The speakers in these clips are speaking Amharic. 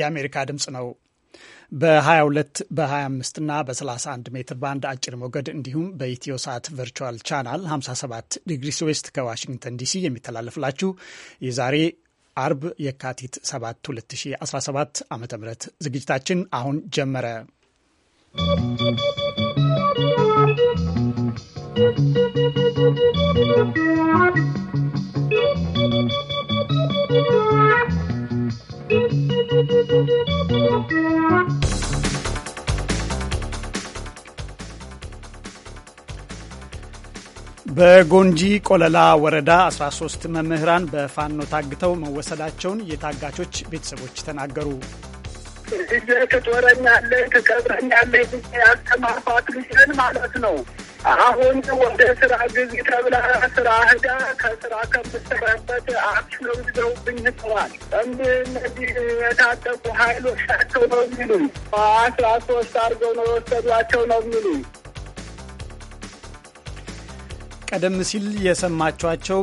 የአሜሪካ ድምፅ ነው። በ22 በ25 እና በ31 ሜትር ባንድ አጭር ሞገድ እንዲሁም በኢትዮ ሰዓት ቨርቹዋል ቻናል 57 ዲግሪስ ዌስት ከዋሽንግተን ዲሲ የሚተላለፍላችሁ የዛሬ አርብ የካቲት 7 2017 ዓ ም ዝግጅታችን አሁን ጀመረ። ¶¶ በጎንጂ ቆለላ ወረዳ 13 መምህራን በፋኖ ታግተው መወሰዳቸውን የታጋቾች ቤተሰቦች ተናገሩ። ልጄ ትጦረኛለች፣ ትቀብረኛለች ያስተማርኳት ልጄን ማለት ነው። አሁን ወደ ስራ ጊዜ ተብላ ስራ ህዳ ከስራ ከምትሰራበት አክሽኖ ይዘውብኝ ህጠዋል። እነዚህ የታጠቁ ሀይሎች ናቸው ነው የሚሉኝ። አስራ ሶስት አድርገው ነው የወሰዷቸው ነው የሚሉኝ። ቀደም ሲል የሰማችኋቸው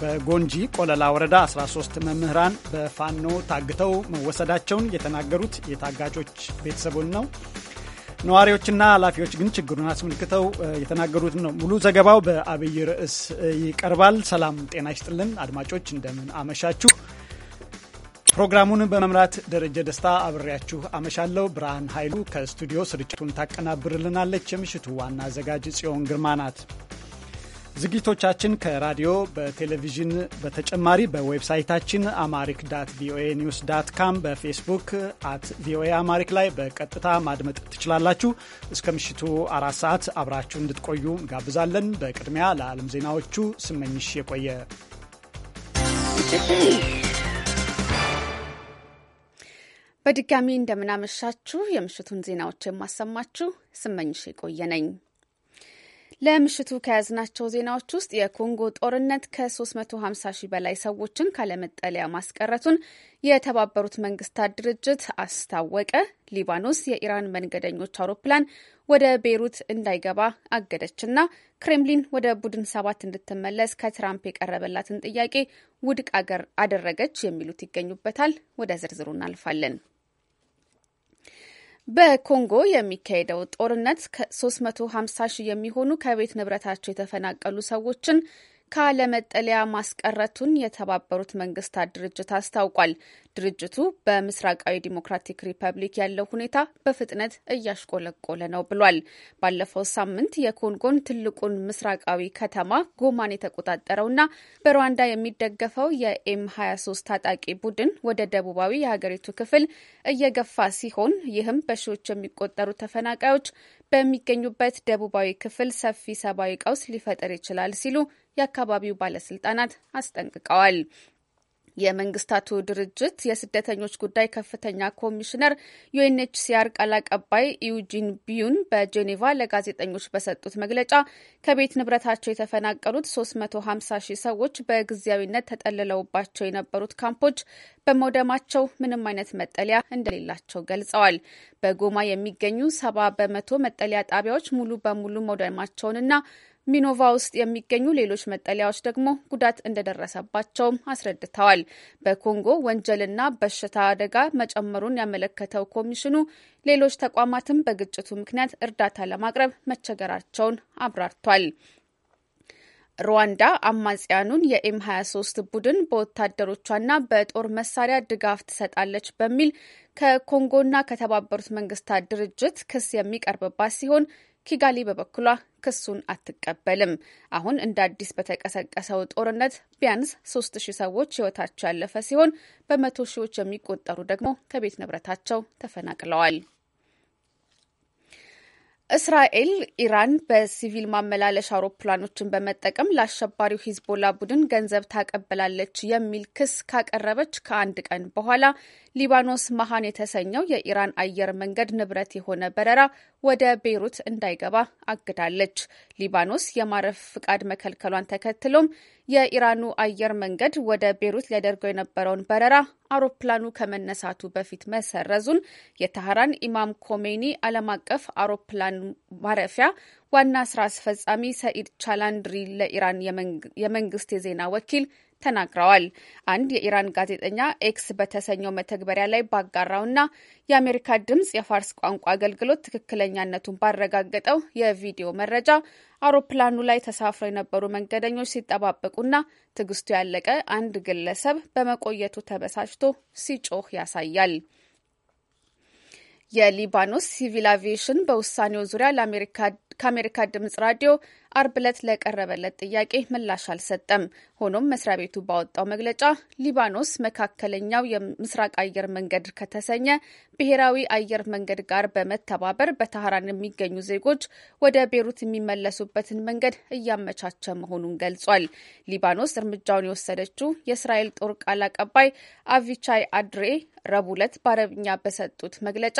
በጎንጂ ቆለላ ወረዳ 13 መምህራን በፋኖ ታግተው መወሰዳቸውን የተናገሩት የታጋቾች ቤተሰቡን ነው። ነዋሪዎችና ኃላፊዎች ግን ችግሩን አስመልክተው የተናገሩት ነው። ሙሉ ዘገባው በአብይ ርዕስ ይቀርባል። ሰላም ጤና ይስጥልን አድማጮች፣ እንደምን አመሻችሁ። ፕሮግራሙን በመምራት ደረጀ ደስታ አብሬያችሁ አመሻለሁ። ብርሃን ኃይሉ ከስቱዲዮ ስርጭቱን ታቀናብርልናለች። የምሽቱ ዋና አዘጋጅ ጽዮን ግርማ ናት። ዝግጅቶቻችን ከራዲዮ በቴሌቪዥን በተጨማሪ በዌብሳይታችን አማሪክ ዳት ቪኦኤ ኒውስ ዳት ካም በፌስቡክ አት ቪኦኤ አማሪክ ላይ በቀጥታ ማድመጥ ትችላላችሁ። እስከ ምሽቱ አራት ሰዓት አብራችሁ እንድትቆዩ እንጋብዛለን። በቅድሚያ ለዓለም ዜናዎቹ ስመኝሽ የቆየ በድጋሚ እንደምናመሻችሁ። የምሽቱን ዜናዎች የማሰማችሁ ስመኝሽ የቆየ ነኝ። ለምሽቱ ከያዝናቸው ዜናዎች ውስጥ የኮንጎ ጦርነት ከ350 ሺህ በላይ ሰዎችን ካለመጠለያ ማስቀረቱን የተባበሩት መንግስታት ድርጅት አስታወቀ። ሊባኖስ የኢራን መንገደኞች አውሮፕላን ወደ ቤይሩት እንዳይገባ አገደችና ክሬምሊን ወደ ቡድን ሰባት እንድትመለስ ከትራምፕ የቀረበላትን ጥያቄ ውድቅ አገር አደረገች የሚሉት ይገኙበታል። ወደ ዝርዝሩ እናልፋለን። በኮንጎ የሚካሄደው ጦርነት ከ350 ሺህ የሚሆኑ ከቤት ንብረታቸው የተፈናቀሉ ሰዎችን ካለመጠለያ ማስቀረቱን የተባበሩት መንግስታት ድርጅት አስታውቋል። ድርጅቱ በምስራቃዊ ዲሞክራቲክ ሪፐብሊክ ያለው ሁኔታ በፍጥነት እያሽቆለቆለ ነው ብሏል። ባለፈው ሳምንት የኮንጎን ትልቁን ምስራቃዊ ከተማ ጎማን የተቆጣጠረውና በሩዋንዳ የሚደገፈው የኤም 23 ታጣቂ ቡድን ወደ ደቡባዊ የሀገሪቱ ክፍል እየገፋ ሲሆን ይህም በሺዎች የሚቆጠሩ ተፈናቃዮች በሚገኙበት ደቡባዊ ክፍል ሰፊ ሰብአዊ ቀውስ ሊፈጠር ይችላል ሲሉ የአካባቢው ባለስልጣናት አስጠንቅቀዋል። የመንግስታቱ ድርጅት የስደተኞች ጉዳይ ከፍተኛ ኮሚሽነር ዩኤንኤችሲአር ቃል አቀባይ ዩጂን ቢዩን በጄኔቫ ለጋዜጠኞች በሰጡት መግለጫ ከቤት ንብረታቸው የተፈናቀሉት 350 ሺህ ሰዎች በጊዜያዊነት ተጠልለውባቸው የነበሩት ካምፖች በመውደማቸው ምንም አይነት መጠለያ እንደሌላቸው ገልጸዋል። በጎማ የሚገኙ ሰባ በመቶ መጠለያ ጣቢያዎች ሙሉ በሙሉ መውደማቸውንና ሚኖቫ ውስጥ የሚገኙ ሌሎች መጠለያዎች ደግሞ ጉዳት እንደደረሰባቸውም አስረድተዋል። በኮንጎ ወንጀልና በሽታ አደጋ መጨመሩን ያመለከተው ኮሚሽኑ ሌሎች ተቋማትም በግጭቱ ምክንያት እርዳታ ለማቅረብ መቸገራቸውን አብራርቷል። ሩዋንዳ አማጽያኑን የኤም 23 ቡድን በወታደሮቿና በጦር መሳሪያ ድጋፍ ትሰጣለች በሚል ከኮንጎና ከተባበሩት መንግስታት ድርጅት ክስ የሚቀርብባት ሲሆን ኪጋሊ በበኩሏ ክሱን አትቀበልም። አሁን እንደ አዲስ በተቀሰቀሰው ጦርነት ቢያንስ ሶስት ሺህ ሰዎች ህይወታቸው ያለፈ ሲሆን በመቶ ሺዎች የሚቆጠሩ ደግሞ ከቤት ንብረታቸው ተፈናቅለዋል። እስራኤል ኢራን በሲቪል ማመላለሻ አውሮፕላኖችን በመጠቀም ለአሸባሪው ሂዝቦላ ቡድን ገንዘብ ታቀበላለች የሚል ክስ ካቀረበች ከአንድ ቀን በኋላ ሊባኖስ መሀን የተሰኘው የኢራን አየር መንገድ ንብረት የሆነ በረራ ወደ ቤይሩት እንዳይገባ አግዳለች። ሊባኖስ የማረፍ ፍቃድ መከልከሏን ተከትሎም የኢራኑ አየር መንገድ ወደ ቤሩት ሊያደርገው የነበረውን በረራ አውሮፕላኑ ከመነሳቱ በፊት መሰረዙን የተህራን ኢማም ኮሜኒ ዓለም አቀፍ አውሮፕላን ማረፊያ ዋና ስራ አስፈጻሚ ሰኢድ ቻላንድሪ ለኢራን የመንግስት የዜና ወኪል ተናግረዋል። አንድ የኢራን ጋዜጠኛ ኤክስ በተሰኘው መተግበሪያ ላይ ባጋራውና የአሜሪካ ድምጽ የፋርስ ቋንቋ አገልግሎት ትክክለኛነቱን ባረጋገጠው የቪዲዮ መረጃ አውሮፕላኑ ላይ ተሳፍረው የነበሩ መንገደኞች ሲጠባበቁና ትዕግስቱ ያለቀ አንድ ግለሰብ በመቆየቱ ተበሳጭቶ ሲጮህ ያሳያል። የሊባኖስ ሲቪል አቪዬሽን በውሳኔው ዙሪያ ለአሜሪካ ከአሜሪካ ድምጽ ራዲዮ አርብ ዕለት ለቀረበለት ጥያቄ ምላሽ አልሰጠም። ሆኖም መስሪያ ቤቱ ባወጣው መግለጫ ሊባኖስ መካከለኛው የምስራቅ አየር መንገድ ከተሰኘ ብሔራዊ አየር መንገድ ጋር በመተባበር በተህራን የሚገኙ ዜጎች ወደ ቤሩት የሚመለሱበትን መንገድ እያመቻቸ መሆኑን ገልጿል። ሊባኖስ እርምጃውን የወሰደችው የእስራኤል ጦር ቃል አቀባይ አቪቻይ አድሬ ረቡዕ ዕለት በአረብኛ በሰጡት መግለጫ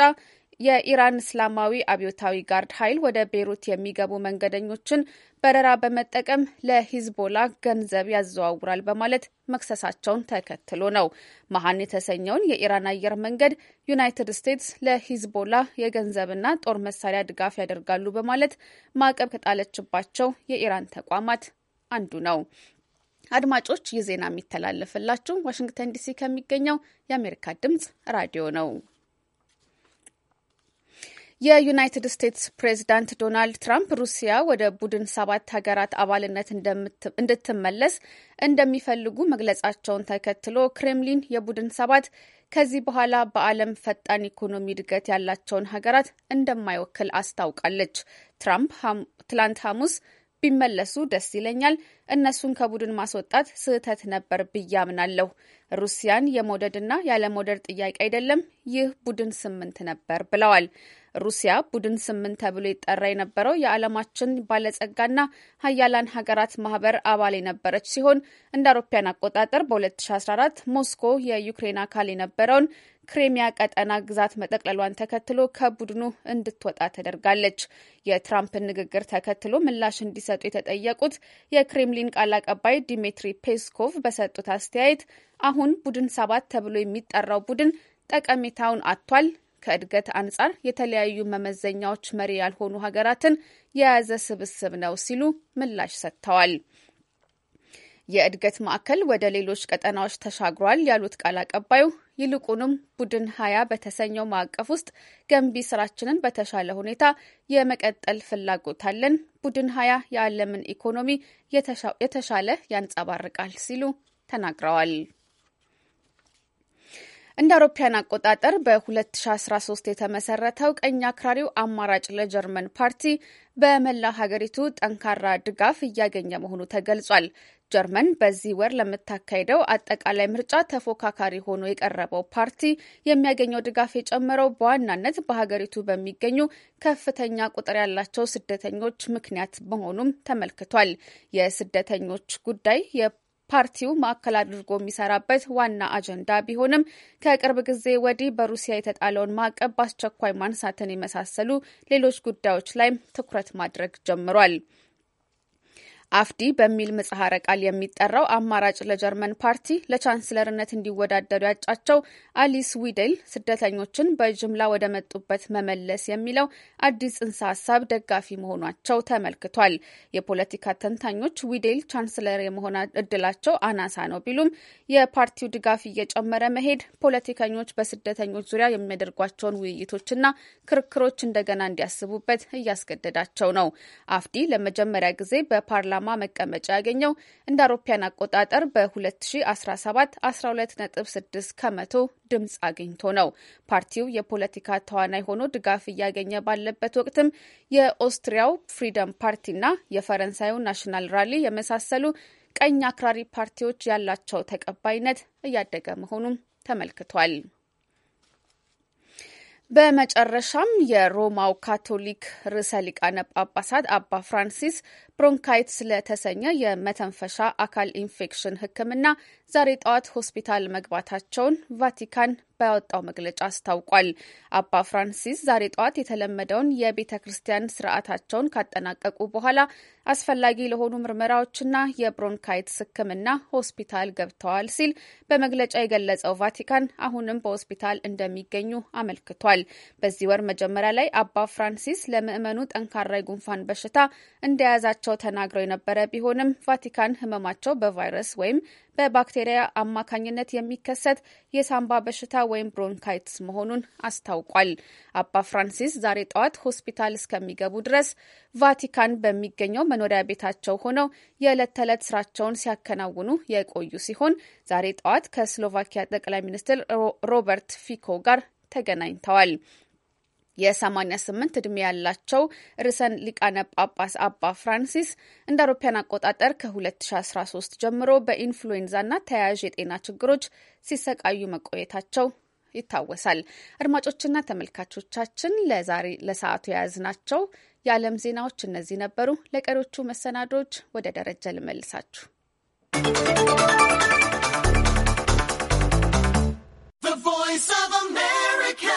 የኢራን እስላማዊ አብዮታዊ ጋርድ ኃይል ወደ ቤይሩት የሚገቡ መንገደኞችን በረራ በመጠቀም ለሂዝቦላ ገንዘብ ያዘዋውራል በማለት መክሰሳቸውን ተከትሎ ነው። መሀን የተሰኘውን የኢራን አየር መንገድ ዩናይትድ ስቴትስ ለሂዝቦላ የገንዘብና ጦር መሳሪያ ድጋፍ ያደርጋሉ በማለት ማዕቀብ ከጣለችባቸው የኢራን ተቋማት አንዱ ነው። አድማጮች ይህ ዜና የሚተላለፍላችሁ ዋሽንግተን ዲሲ ከሚገኘው የአሜሪካ ድምጽ ራዲዮ ነው። የዩናይትድ ስቴትስ ፕሬዚዳንት ዶናልድ ትራምፕ ሩሲያ ወደ ቡድን ሰባት ሀገራት አባልነት እንድትመለስ እንደሚፈልጉ መግለጻቸውን ተከትሎ ክሬምሊን የቡድን ሰባት ከዚህ በኋላ በዓለም ፈጣን ኢኮኖሚ እድገት ያላቸውን ሀገራት እንደማይወክል አስታውቃለች። ትራምፕ ትላንት ሐሙስ ቢመለሱ ደስ ይለኛል። እነሱን ከቡድን ማስወጣት ስህተት ነበር ብዬ አምናለሁ። ሩሲያን የመውደድና ያለመውደድ ጥያቄ አይደለም። ይህ ቡድን ስምንት ነበር ብለዋል። ሩሲያ ቡድን ስምንት ተብሎ ይጠራ የነበረው የዓለማችን ባለጸጋና ሀያላን ሀገራት ማህበር አባል የነበረች ሲሆን እንደ አውሮፓያን አቆጣጠር በ2014 ሞስኮ የዩክሬን አካል የነበረውን ክሬሚያ ቀጠና ግዛት መጠቅለሏን ተከትሎ ከቡድኑ እንድትወጣ ተደርጋለች። የትራምፕን ንግግር ተከትሎ ምላሽ እንዲሰጡ የተጠየቁት የክሬምሊን ቃል አቀባይ ዲሚትሪ ፔስኮቭ በሰጡት አስተያየት አሁን ቡድን ሰባት ተብሎ የሚጠራው ቡድን ጠቀሜታውን አጥቷል፣ ከእድገት አንጻር የተለያዩ መመዘኛዎች መሪ ያልሆኑ ሀገራትን የያዘ ስብስብ ነው ሲሉ ምላሽ ሰጥተዋል። የእድገት ማዕከል ወደ ሌሎች ቀጠናዎች ተሻግሯል ያሉት ቃል አቀባዩ ይልቁንም ቡድን ሀያ በተሰኘው ማዕቀፍ ውስጥ ገንቢ ስራችንን በተሻለ ሁኔታ የመቀጠል ፍላጎት አለን። ቡድን ሀያ የዓለምን ኢኮኖሚ የተሻለ ያንጸባርቃል ሲሉ ተናግረዋል። እንደ አውሮፓያን አቆጣጠር በ2013 የተመሰረተው ቀኝ አክራሪው አማራጭ ለጀርመን ፓርቲ በመላ ሀገሪቱ ጠንካራ ድጋፍ እያገኘ መሆኑ ተገልጿል። ጀርመን በዚህ ወር ለምታካሄደው አጠቃላይ ምርጫ ተፎካካሪ ሆኖ የቀረበው ፓርቲ የሚያገኘው ድጋፍ የጨመረው በዋናነት በሀገሪቱ በሚገኙ ከፍተኛ ቁጥር ያላቸው ስደተኞች ምክንያት መሆኑም ተመልክቷል። የስደተኞች ጉዳይ ፓርቲው ማዕከል አድርጎ የሚሰራበት ዋና አጀንዳ ቢሆንም ከቅርብ ጊዜ ወዲህ በሩሲያ የተጣለውን ማዕቀብ በአስቸኳይ ማንሳትን የመሳሰሉ ሌሎች ጉዳዮች ላይም ትኩረት ማድረግ ጀምሯል። አፍዲ በሚል ምጽሐረ ቃል የሚጠራው አማራጭ ለጀርመን ፓርቲ ለቻንስለርነት እንዲወዳደሩ ያጫቸው አሊስ ዊዴል ስደተኞችን በጅምላ ወደ መጡበት መመለስ የሚለው አዲስ ጽንሰ ሀሳብ ደጋፊ መሆናቸው ተመልክቷል። የፖለቲካ ተንታኞች ዊዴል ቻንስለር የመሆን እድላቸው አናሳ ነው ቢሉም የፓርቲው ድጋፍ እየጨመረ መሄድ ፖለቲከኞች በስደተኞች ዙሪያ የሚያደርጓቸውን ውይይቶችና ክርክሮች እንደገና እንዲያስቡበት እያስገደዳቸው ነው። አፍዲ ለመጀመሪያ ጊዜ በፓርላማ ፓርላማ መቀመጫ ያገኘው እንደ አውሮፓያን አቆጣጠር በ2017 12.6 ከመቶ ድምፅ አግኝቶ ነው። ፓርቲው የፖለቲካ ተዋናይ ሆኖ ድጋፍ እያገኘ ባለበት ወቅትም የኦስትሪያው ፍሪደም ፓርቲና የፈረንሳዩ ናሽናል ራሊ የመሳሰሉ ቀኝ አክራሪ ፓርቲዎች ያላቸው ተቀባይነት እያደገ መሆኑም ተመልክቷል። በመጨረሻም የሮማው ካቶሊክ ርዕሰ ሊቃነ ጳጳሳት አባ ፍራንሲስ ብሮንካይት ስለተሰኘ የመተንፈሻ አካል ኢንፌክሽን ሕክምና ዛሬ ጠዋት ሆስፒታል መግባታቸውን ቫቲካን ባወጣው መግለጫ አስታውቋል። አባ ፍራንሲስ ዛሬ ጠዋት የተለመደውን የቤተ ክርስቲያን ስርዓታቸውን ካጠናቀቁ በኋላ አስፈላጊ ለሆኑ ምርመራዎችና የብሮንካይትስ ሕክምና ሆስፒታል ገብተዋል ሲል በመግለጫ የገለጸው ቫቲካን አሁንም በሆስፒታል እንደሚገኙ አመልክቷል። በዚህ ወር መጀመሪያ ላይ አባ ፍራንሲስ ለምዕመኑ ጠንካራ የጉንፋን በሽታ እንደያዛቸው አስመልክቶ ተናግረው የነበረ ቢሆንም ቫቲካን ህመማቸው በቫይረስ ወይም በባክቴሪያ አማካኝነት የሚከሰት የሳምባ በሽታ ወይም ብሮንካይትስ መሆኑን አስታውቋል። አባ ፍራንሲስ ዛሬ ጠዋት ሆስፒታል እስከሚገቡ ድረስ ቫቲካን በሚገኘው መኖሪያ ቤታቸው ሆነው የዕለት ተዕለት ስራቸውን ሲያከናውኑ የቆዩ ሲሆን ዛሬ ጠዋት ከስሎቫኪያ ጠቅላይ ሚኒስትር ሮበርት ፊኮ ጋር ተገናኝተዋል። የ88 ዕድሜ ያላቸው ርዕሰ ሊቃነ ጳጳስ አባ ፍራንሲስ እንደ አውሮፓውያን አቆጣጠር ከ2013 ጀምሮ በኢንፍሉዌንዛና ተያያዥ የጤና ችግሮች ሲሰቃዩ መቆየታቸው ይታወሳል። አድማጮችና ተመልካቾቻችን ለዛሬ ለሰዓቱ የያዝናቸው የዓለም ዜናዎች እነዚህ ነበሩ። ለቀሪዎቹ መሰናዶች ወደ ደረጃ ልመልሳችሁ። ቮይስ ኦፍ አሜሪካ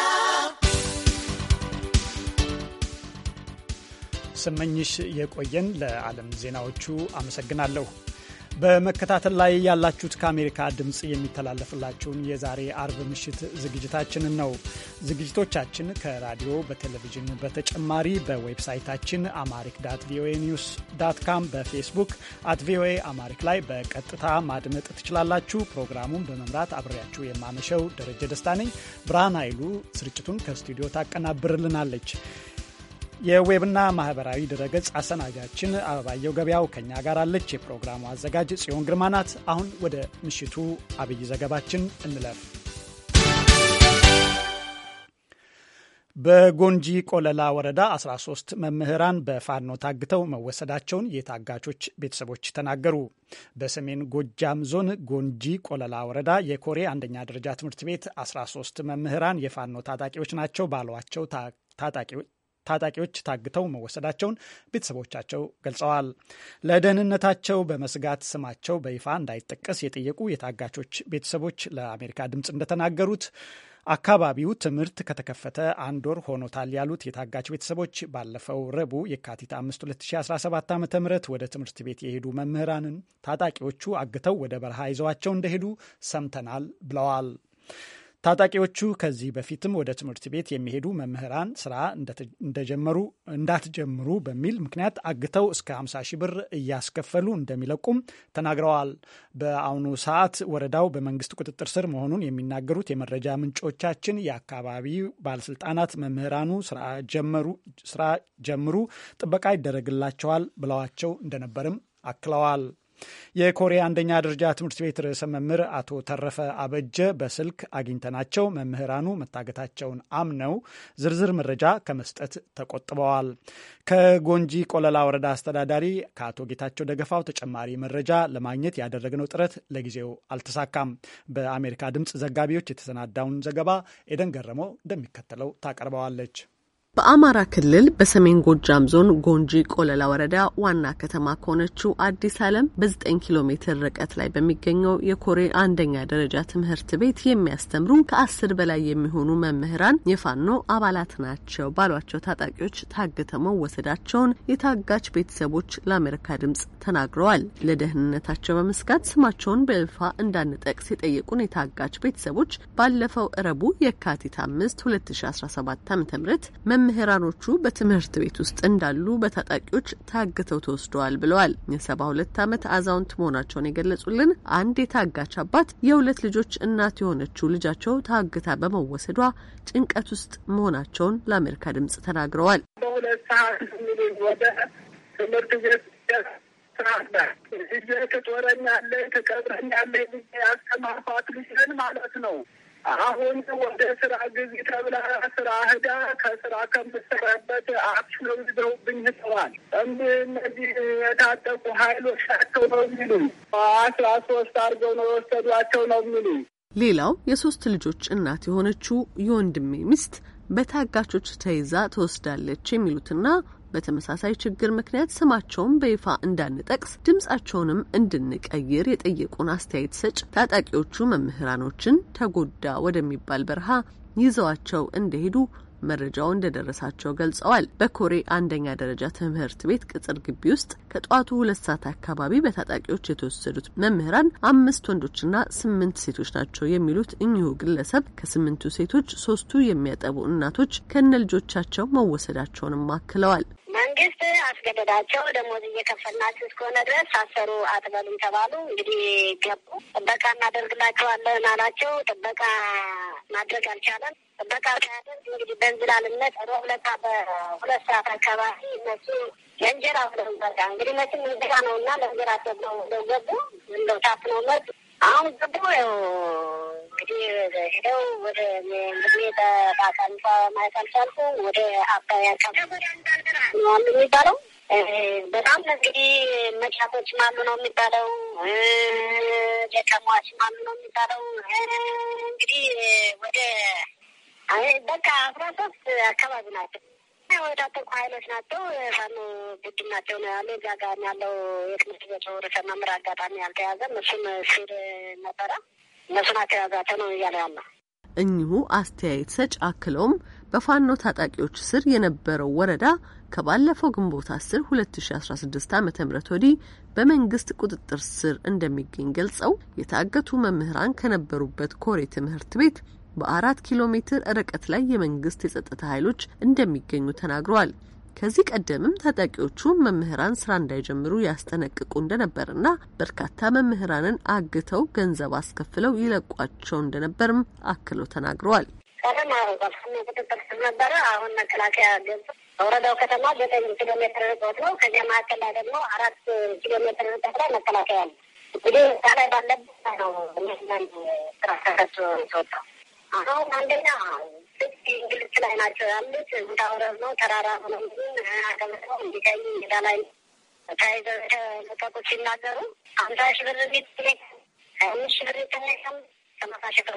ስመኝሽ የቆየን ለዓለም ዜናዎቹ አመሰግናለሁ። በመከታተል ላይ ያላችሁት ከአሜሪካ ድምፅ የሚተላለፍላችሁን የዛሬ አርብ ምሽት ዝግጅታችንን ነው። ዝግጅቶቻችን ከራዲዮ በቴሌቪዥን በተጨማሪ በዌብሳይታችን አማሪክ ዳት ቪኦኤ ኒውስ ዳት ካም፣ በፌስቡክ አት ቪኦኤ አማሪክ ላይ በቀጥታ ማድመጥ ትችላላችሁ። ፕሮግራሙን በመምራት አብሬያችሁ የማመሸው ደረጀ ደስታ ነኝ። ብርሃን ኃይሉ ስርጭቱን ከስቱዲዮ ታቀናብርልናለች። የዌብና ማህበራዊ ድረገጽ አሰናጃችን አበባየው ገበያው ከኛ ጋር አለች። የፕሮግራሙ አዘጋጅ ጽዮን ግርማ ናት። አሁን ወደ ምሽቱ አብይ ዘገባችን እንለፍ። በጎንጂ ቆለላ ወረዳ 13 መምህራን በፋኖ ታግተው መወሰዳቸውን የታጋቾች ቤተሰቦች ተናገሩ። በሰሜን ጎጃም ዞን ጎንጂ ቆለላ ወረዳ የኮሬ አንደኛ ደረጃ ትምህርት ቤት 13 መምህራን የፋኖ ታጣቂዎች ናቸው ባሏቸው ታጣቂዎች ታጣቂዎች ታግተው መወሰዳቸውን ቤተሰቦቻቸው ገልጸዋል። ለደህንነታቸው በመስጋት ስማቸው በይፋ እንዳይጠቀስ የጠየቁ የታጋቾች ቤተሰቦች ለአሜሪካ ድምፅ እንደተናገሩት አካባቢው ትምህርት ከተከፈተ አንድ ወር ሆኖታል ያሉት የታጋች ቤተሰቦች ባለፈው ረቡዕ የካቲት 5 2017 ዓ ም ወደ ትምህርት ቤት የሄዱ መምህራንን ታጣቂዎቹ አግተው ወደ በረሃ ይዘዋቸው እንደሄዱ ሰምተናል ብለዋል። ታጣቂዎቹ ከዚህ በፊትም ወደ ትምህርት ቤት የሚሄዱ መምህራን ስራ እንደጀመሩ እንዳትጀምሩ በሚል ምክንያት አግተው እስከ 50 ሺህ ብር እያስከፈሉ እንደሚለቁም ተናግረዋል። በአሁኑ ሰዓት ወረዳው በመንግስት ቁጥጥር ስር መሆኑን የሚናገሩት የመረጃ ምንጮቻችን የአካባቢ ባለስልጣናት መምህራኑ ስራ ጀምሩ፣ ጥበቃ ይደረግላቸዋል ብለዋቸው እንደነበርም አክለዋል። የኮሪያ አንደኛ ደረጃ ትምህርት ቤት ርዕሰ መምህር አቶ ተረፈ አበጀ በስልክ አግኝተናቸው መምህራኑ መታገታቸውን አምነው ዝርዝር መረጃ ከመስጠት ተቆጥበዋል። ከጎንጂ ቆለላ ወረዳ አስተዳዳሪ ከአቶ ጌታቸው ደገፋው ተጨማሪ መረጃ ለማግኘት ያደረግነው ጥረት ለጊዜው አልተሳካም። በአሜሪካ ድምፅ ዘጋቢዎች የተሰናዳውን ዘገባ ኤደን ገረመው እንደሚከተለው ታቀርበዋለች። በአማራ ክልል በሰሜን ጎጃም ዞን ጎንጂ ቆለላ ወረዳ ዋና ከተማ ከሆነችው አዲስ ዓለም በ9 ኪሎ ሜትር ርቀት ላይ በሚገኘው የኮሬ አንደኛ ደረጃ ትምህርት ቤት የሚያስተምሩ ከአስር በላይ የሚሆኑ መምህራን የፋኖ አባላት ናቸው ባሏቸው ታጣቂዎች ታግተው መወሰዳቸውን የታጋች ቤተሰቦች ለአሜሪካ ድምጽ ተናግረዋል። ለደህንነታቸው በመስጋት ስማቸውን በይፋ እንዳንጠቅስ የጠየቁን የታጋች ቤተሰቦች ባለፈው እረቡ የካቲት አምስት 2017 ዓ ም መምህራኖቹ በትምህርት ቤት ውስጥ እንዳሉ በታጣቂዎች ታግተው ተወስደዋል ብለዋል። የሰባ ሁለት ዓመት አዛውንት መሆናቸውን የገለጹልን አንድ የታጋች አባት የሁለት ልጆች እናት የሆነችው ልጃቸው ታግታ በመወሰዷ ጭንቀት ውስጥ መሆናቸውን ለአሜሪካ ድምጽ ተናግረዋል። በሁለት ትምህርት ቤት ትቀብረኛለች፣ ትቀብረኛለች ያስተማርኳት ልጅን ማለት ነው አሁን ወደ ስራ ጊዜ ተብላ ስራ ህዳ ከስራ ከምሰራበት አክሽኖ ይዘውብኝ ህጠዋል። እንዲህ እነዚህ የታጠቁ ሀይሎች ናቸው ነው የሚሉ አስራ ሶስት አድርገው ነው የወሰዷቸው ነው የሚሉ። ሌላው የሶስት ልጆች እናት የሆነችው የወንድሜ ሚስት በታጋቾች ተይዛ ትወስዳለች የሚሉትና በተመሳሳይ ችግር ምክንያት ስማቸውን በይፋ እንዳንጠቅስ ድምጻቸውንም እንድንቀይር የጠየቁን አስተያየት ሰጭ ታጣቂዎቹ መምህራኖችን ተጎዳ ወደሚባል በረሃ ይዘዋቸው እንደሄዱ መረጃው እንደደረሳቸው ገልጸዋል። በኮሬ አንደኛ ደረጃ ትምህርት ቤት ቅጽር ግቢ ውስጥ ከጠዋቱ ሁለት ሰዓት አካባቢ በታጣቂዎች የተወሰዱት መምህራን አምስት ወንዶችና ስምንት ሴቶች ናቸው የሚሉት እኚሁ ግለሰብ ከስምንቱ ሴቶች ሶስቱ የሚያጠቡ እናቶች ከነ ልጆቻቸው መወሰዳቸውንም አክለዋል። መንግስት አስገደዳቸው። ደሞዝ እየከፈልናችሁ እስከሆነ ድረስ አሰሩ አትበሉም ተባሉ። እንግዲህ ገቡ። ጥበቃ እናደርግላቸዋለን አላቸው። ጥበቃ ማድረግ አልቻለም። ጥበቃ ሳያደርግ እንግዲህ በእንዝላልነት ሁለታ በሁለት ሰዓት አካባቢ እነሱ የእንጀራ ብለው በቃ እንግዲህ መቼም እንጀራ ነው እና ለእንጀራ ተብለው ገቡ። እንደው ታፍነው መጡ። አሁን ገቡ ያው እንግዲህ ሄደው ወደ ምግቤ በአካልፋ ማየት አልቻልኩ ወደ አባይ አካል የሚባለው በጣም እንግዲህ መጫቶች ማሉ ነው የሚባለው ደቀሟች ማሉ ነው የሚባለው እንግዲህ ወደ በቃ አስራ ሶስት አካባቢ ናቸው። የታጠቁ ኃይሎች ናቸው። ፋኖ ቡድን ናቸው ነው ያለ። እዚያ ጋር ያለው የትምህርት ቤቱ ርዕሰ መምህር አጋጣሚ ያልተያዘ እሱም ሲር ነበረ እነሱ ናቸው ያዛቸው ነው እያለ ያለ እኚሁ አስተያየት ሰጭ አክለውም በፋኖ ታጣቂዎች ስር የነበረው ወረዳ ከባለፈው ግንቦት 10 2016 ዓ ም ወዲህ በመንግስት ቁጥጥር ስር እንደሚገኝ ገልጸው የታገቱ መምህራን ከነበሩበት ኮሬ ትምህርት ቤት በአራት ኪሎ ሜትር ርቀት ላይ የመንግስት የጸጥታ ኃይሎች እንደሚገኙ ተናግረዋል። ከዚህ ቀደምም ታጣቂዎቹ መምህራን ስራ እንዳይጀምሩ ያስጠነቅቁ እንደነበርና በርካታ መምህራንን አግተው ገንዘብ አስከፍለው ይለቋቸው እንደነበርም አክለው ተናግረዋል። ነበረ። አሁን መከላከያ ገብቶ ወረዳው ከተማ ዘጠኝ ኪሎ ሜትር ርቀት ነው። ከዚያ መካከል ላይ ደግሞ አራት ኪሎ ሜትር ርቀት ላይ መከላከያ ነው። እንግዲህ ላይ ባለበት ነው ስራ ተከቶ ተወጣው አሁን አንደኛ ስት እንግልት ላይ ናቸው ያሉት። ውጣውረድ ነው፣ ተራራ ነው። አገምተው እንዲታይ ሜዳ ላይ ተያይዘው ተለቀቁ ሲናገሩ አምሳ ሺህ ብር ቤት ሀያ አምስት ብር ሰማሳ ብር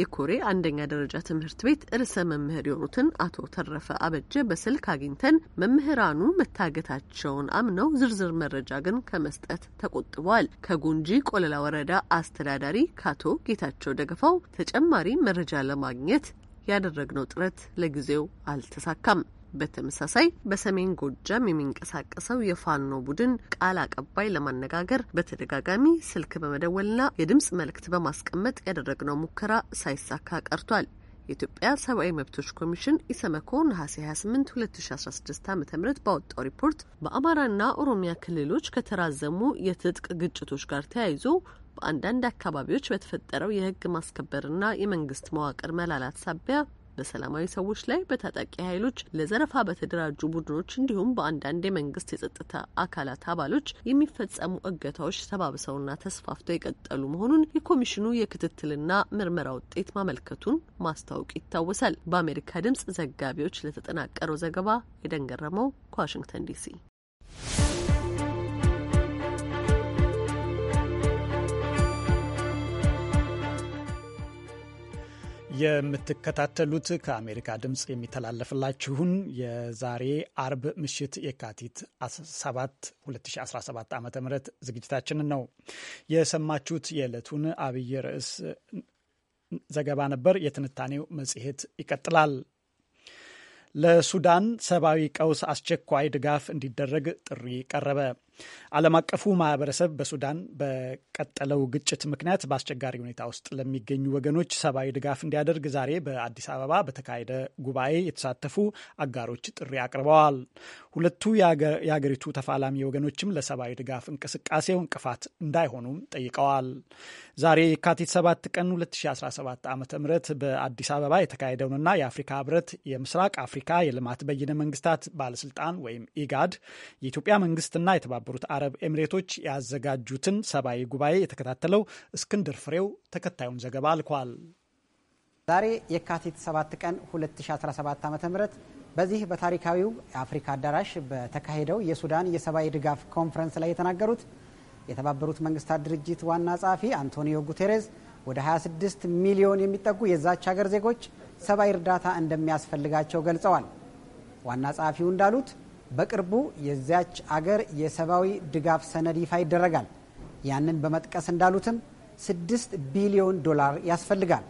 የኮሬ አንደኛ ደረጃ ትምህርት ቤት ርዕሰ መምህር የሆኑትን አቶ ተረፈ አበጀ በስልክ አግኝተን መምህራኑ መታገታቸውን አምነው ዝርዝር መረጃ ግን ከመስጠት ተቆጥበዋል። ከጉንጂ ቆለላ ወረዳ አስተዳዳሪ ከአቶ ጌታቸው ደገፋው ተጨማሪ መረጃ ለማግኘት ያደረግነው ጥረት ለጊዜው አልተሳካም። በተመሳሳይ በሰሜን ጎጃም የሚንቀሳቀሰው የፋኖ ቡድን ቃል አቀባይ ለማነጋገር በተደጋጋሚ ስልክ በመደወልና የድምፅ መልእክት በማስቀመጥ ያደረግነው ሙከራ ሳይሳካ ቀርቷል። የኢትዮጵያ ሰብአዊ መብቶች ኮሚሽን ኢሰመኮ ነሐሴ 28 2016 ዓ ም ባወጣው ሪፖርት በአማራና ኦሮሚያ ክልሎች ከተራዘሙ የትጥቅ ግጭቶች ጋር ተያይዞ በአንዳንድ አካባቢዎች በተፈጠረው የሕግ ማስከበርና የመንግስት መዋቅር መላላት ሳቢያ በሰላማዊ ሰዎች ላይ፣ በታጣቂ ኃይሎች፣ ለዘረፋ በተደራጁ ቡድኖች እንዲሁም በአንዳንድ የመንግስት የጸጥታ አካላት አባሎች የሚፈጸሙ እገታዎች ተባብሰውና ተስፋፍተው የቀጠሉ መሆኑን የኮሚሽኑ የክትትልና ምርመራ ውጤት ማመልከቱን ማስታወቅ ይታወሳል። በአሜሪካ ድምጽ ዘጋቢዎች ለተጠናቀረው ዘገባ የደንገረመው ከዋሽንግተን ዲሲ የምትከታተሉት ከአሜሪካ ድምፅ የሚተላለፍላችሁን የዛሬ አርብ ምሽት የካቲት 7 2017 ዓ ም ዝግጅታችንን ነው የሰማችሁት። የዕለቱን አብይ ርዕስ ዘገባ ነበር። የትንታኔው መጽሔት ይቀጥላል። ለሱዳን ሰብአዊ ቀውስ አስቸኳይ ድጋፍ እንዲደረግ ጥሪ ቀረበ። ዓለም አቀፉ ማህበረሰብ በሱዳን በቀጠለው ግጭት ምክንያት በአስቸጋሪ ሁኔታ ውስጥ ለሚገኙ ወገኖች ሰብአዊ ድጋፍ እንዲያደርግ ዛሬ በአዲስ አበባ በተካሄደ ጉባኤ የተሳተፉ አጋሮች ጥሪ አቅርበዋል። ሁለቱ የአገሪቱ ተፋላሚ ወገኖችም ለሰብአዊ ድጋፍ እንቅስቃሴው እንቅፋት እንዳይሆኑም ጠይቀዋል። ዛሬ የካቲት 7 ቀን 2017 ዓ ም በአዲስ አበባ የተካሄደውንና የአፍሪካ ህብረት የምስራቅ አፍሪካ የልማት በይነ መንግስታት ባለስልጣን ወይም ኢጋድ የኢትዮጵያ መንግስትና የተባበ የተባበሩት አረብ ኤሚሬቶች ያዘጋጁትን ሰብአዊ ጉባኤ የተከታተለው እስክንድር ፍሬው ተከታዩን ዘገባ አልኳል። ዛሬ የካቲት 7 ቀን 2017 ዓ ም በዚህ በታሪካዊው የአፍሪካ አዳራሽ በተካሄደው የሱዳን የሰብአዊ ድጋፍ ኮንፈረንስ ላይ የተናገሩት የተባበሩት መንግስታት ድርጅት ዋና ጸሐፊ አንቶኒዮ ጉቴሬዝ ወደ 26 ሚሊዮን የሚጠጉ የዛች ሀገር ዜጎች ሰብአዊ እርዳታ እንደሚያስፈልጋቸው ገልጸዋል። ዋና ጸሐፊው እንዳሉት በቅርቡ የዚያች አገር የሰብአዊ ድጋፍ ሰነድ ይፋ ይደረጋል። ያንን በመጥቀስ እንዳሉትም ስድስት ቢሊዮን ዶላር ያስፈልጋል።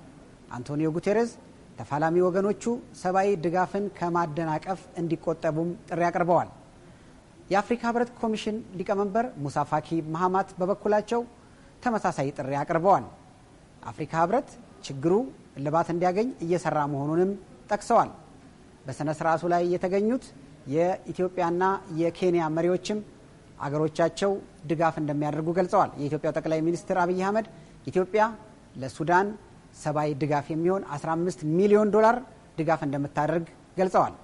አንቶኒዮ ጉቴሬዝ ተፋላሚ ወገኖቹ ሰብአዊ ድጋፍን ከማደናቀፍ እንዲቆጠቡም ጥሪ አቅርበዋል። የአፍሪካ ህብረት ኮሚሽን ሊቀመንበር ሙሳ ፋኪ መሐማት በበኩላቸው ተመሳሳይ ጥሪ አቅርበዋል። አፍሪካ ህብረት ችግሩ እልባት እንዲያገኝ እየሰራ መሆኑንም ጠቅሰዋል። በሥነ ሥርዓቱ ላይ የተገኙት የኢትዮጵያና የኬንያ መሪዎችም አገሮቻቸው ድጋፍ እንደሚያደርጉ ገልጸዋል። የኢትዮጵያው ጠቅላይ ሚኒስትር አብይ አህመድ ኢትዮጵያ ለሱዳን ሰብአዊ ድጋፍ የሚሆን 15 ሚሊዮን ዶላር ድጋፍ እንደምታደርግ ገልጸዋል።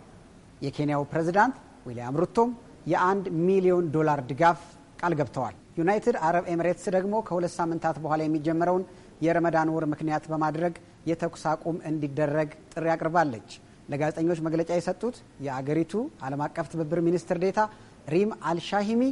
የኬንያው ፕሬዝዳንት ዊልያም ሩቶም የአንድ ሚሊዮን ዶላር ድጋፍ ቃል ገብተዋል። ዩናይትድ አረብ ኤምሬትስ ደግሞ ከሁለት ሳምንታት በኋላ የሚጀምረውን የረመዳን ወር ምክንያት በማድረግ የተኩስ አቁም እንዲደረግ ጥሪ አቅርባለች። ለጋዜጠኞች መግለጫ የሰጡት የአገሪቱ ዓለም አቀፍ ትብብር ሚኒስትር ዴታ ሪም አልሻሂሚ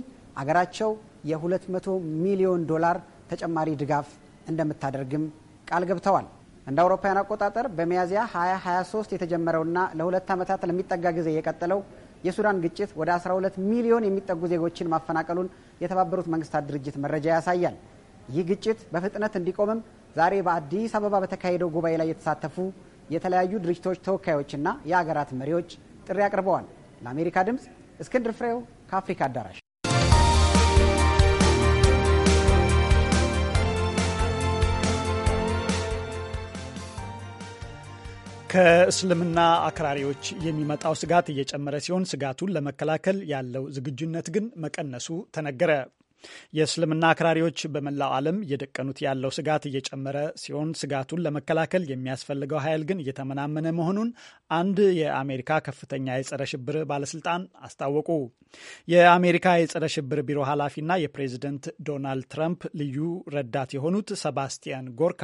አገራቸው የ200 ሚሊዮን ዶላር ተጨማሪ ድጋፍ እንደምታደርግም ቃል ገብተዋል። እንደ አውሮፓውያን አቆጣጠር በሚያዝያ 2023 የተጀመረውና ለሁለት ዓመታት ለሚጠጋ ጊዜ የቀጠለው የሱዳን ግጭት ወደ 12 ሚሊዮን የሚጠጉ ዜጎችን ማፈናቀሉን የተባበሩት መንግስታት ድርጅት መረጃ ያሳያል። ይህ ግጭት በፍጥነት እንዲቆምም ዛሬ በአዲስ አበባ በተካሄደው ጉባኤ ላይ የተሳተፉ የተለያዩ ድርጅቶች ተወካዮችና የአገራት መሪዎች ጥሪ አቅርበዋል። ለአሜሪካ ድምፅ እስክንድር ፍሬው ከአፍሪካ አዳራሽ። ከእስልምና አክራሪዎች የሚመጣው ስጋት እየጨመረ ሲሆን ስጋቱን ለመከላከል ያለው ዝግጁነት ግን መቀነሱ ተነገረ። የእስልምና አክራሪዎች በመላው ዓለም እየደቀኑት ያለው ስጋት እየጨመረ ሲሆን ስጋቱን ለመከላከል የሚያስፈልገው ኃይል ግን እየተመናመነ መሆኑን አንድ የአሜሪካ ከፍተኛ የጸረ ሽብር ባለስልጣን አስታወቁ። የአሜሪካ የጸረ ሽብር ቢሮ ኃላፊና የፕሬዚደንት ዶናልድ ትራምፕ ልዩ ረዳት የሆኑት ሰባስቲያን ጎርካ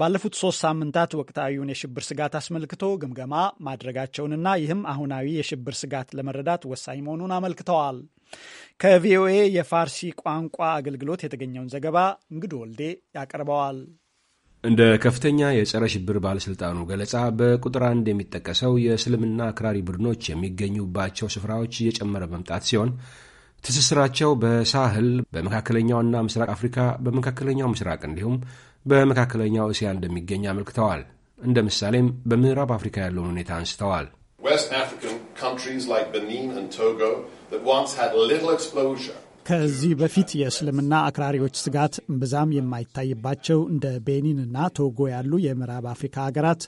ባለፉት ሶስት ሳምንታት ወቅታዊውን የሽብር ስጋት አስመልክቶ ግምገማ ማድረጋቸውንና ይህም አሁናዊ የሽብር ስጋት ለመረዳት ወሳኝ መሆኑን አመልክተዋል። ከቪኦኤ የፋርሲ ቋንቋ አገልግሎት የተገኘውን ዘገባ እንግዶ ወልዴ ያቀርበዋል። እንደ ከፍተኛ የጸረ ሽብር ባለሥልጣኑ ገለጻ በቁጥር አንድ የሚጠቀሰው የእስልምና አክራሪ ቡድኖች የሚገኙባቸው ስፍራዎች እየጨመረ መምጣት ሲሆን ትስስራቸው በሳህል በመካከለኛውና ምስራቅ አፍሪካ፣ በመካከለኛው ምስራቅ እንዲሁም በመካከለኛው እስያ እንደሚገኝ አመልክተዋል። እንደ ምሳሌም በምዕራብ አፍሪካ ያለውን ሁኔታ አንስተዋል። West African countries like Benin and Togo that once had little exposure ከዚህ በፊት የእስልምና አክራሪዎች ስጋት ብዛም የማይታይባቸው እንደ ቤኒን ቤኒንና ቶጎ ያሉ የምዕራብ አፍሪካ ሀገራት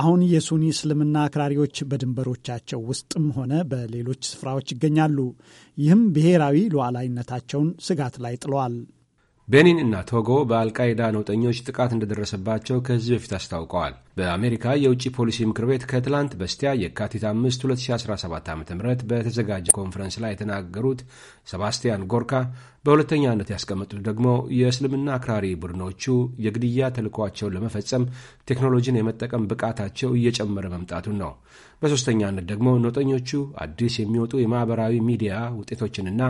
አሁን የሱኒ እስልምና አክራሪዎች በድንበሮቻቸው ውስጥም ሆነ በሌሎች ስፍራዎች ይገኛሉ። ይህም ብሔራዊ ሉዓላዊነታቸውን ስጋት ላይ ጥለዋል። ቤኒን እና ቶጎ በአልቃይዳ ነውጠኞች ጥቃት እንደደረሰባቸው ከዚህ በፊት አስታውቀዋል። በአሜሪካ የውጭ ፖሊሲ ምክር ቤት ከትላንት በስቲያ የካቲት 5 2017 ዓ ም በተዘጋጀ ኮንፈረንስ ላይ የተናገሩት ሰባስቲያን ጎርካ በሁለተኛነት ያስቀመጡት ደግሞ የእስልምና አክራሪ ቡድኖቹ የግድያ ተልኳቸውን ለመፈጸም ቴክኖሎጂን የመጠቀም ብቃታቸው እየጨመረ መምጣቱን ነው። በሦስተኛነት ደግሞ ነውጠኞቹ አዲስ የሚወጡ የማኅበራዊ ሚዲያ ውጤቶችንና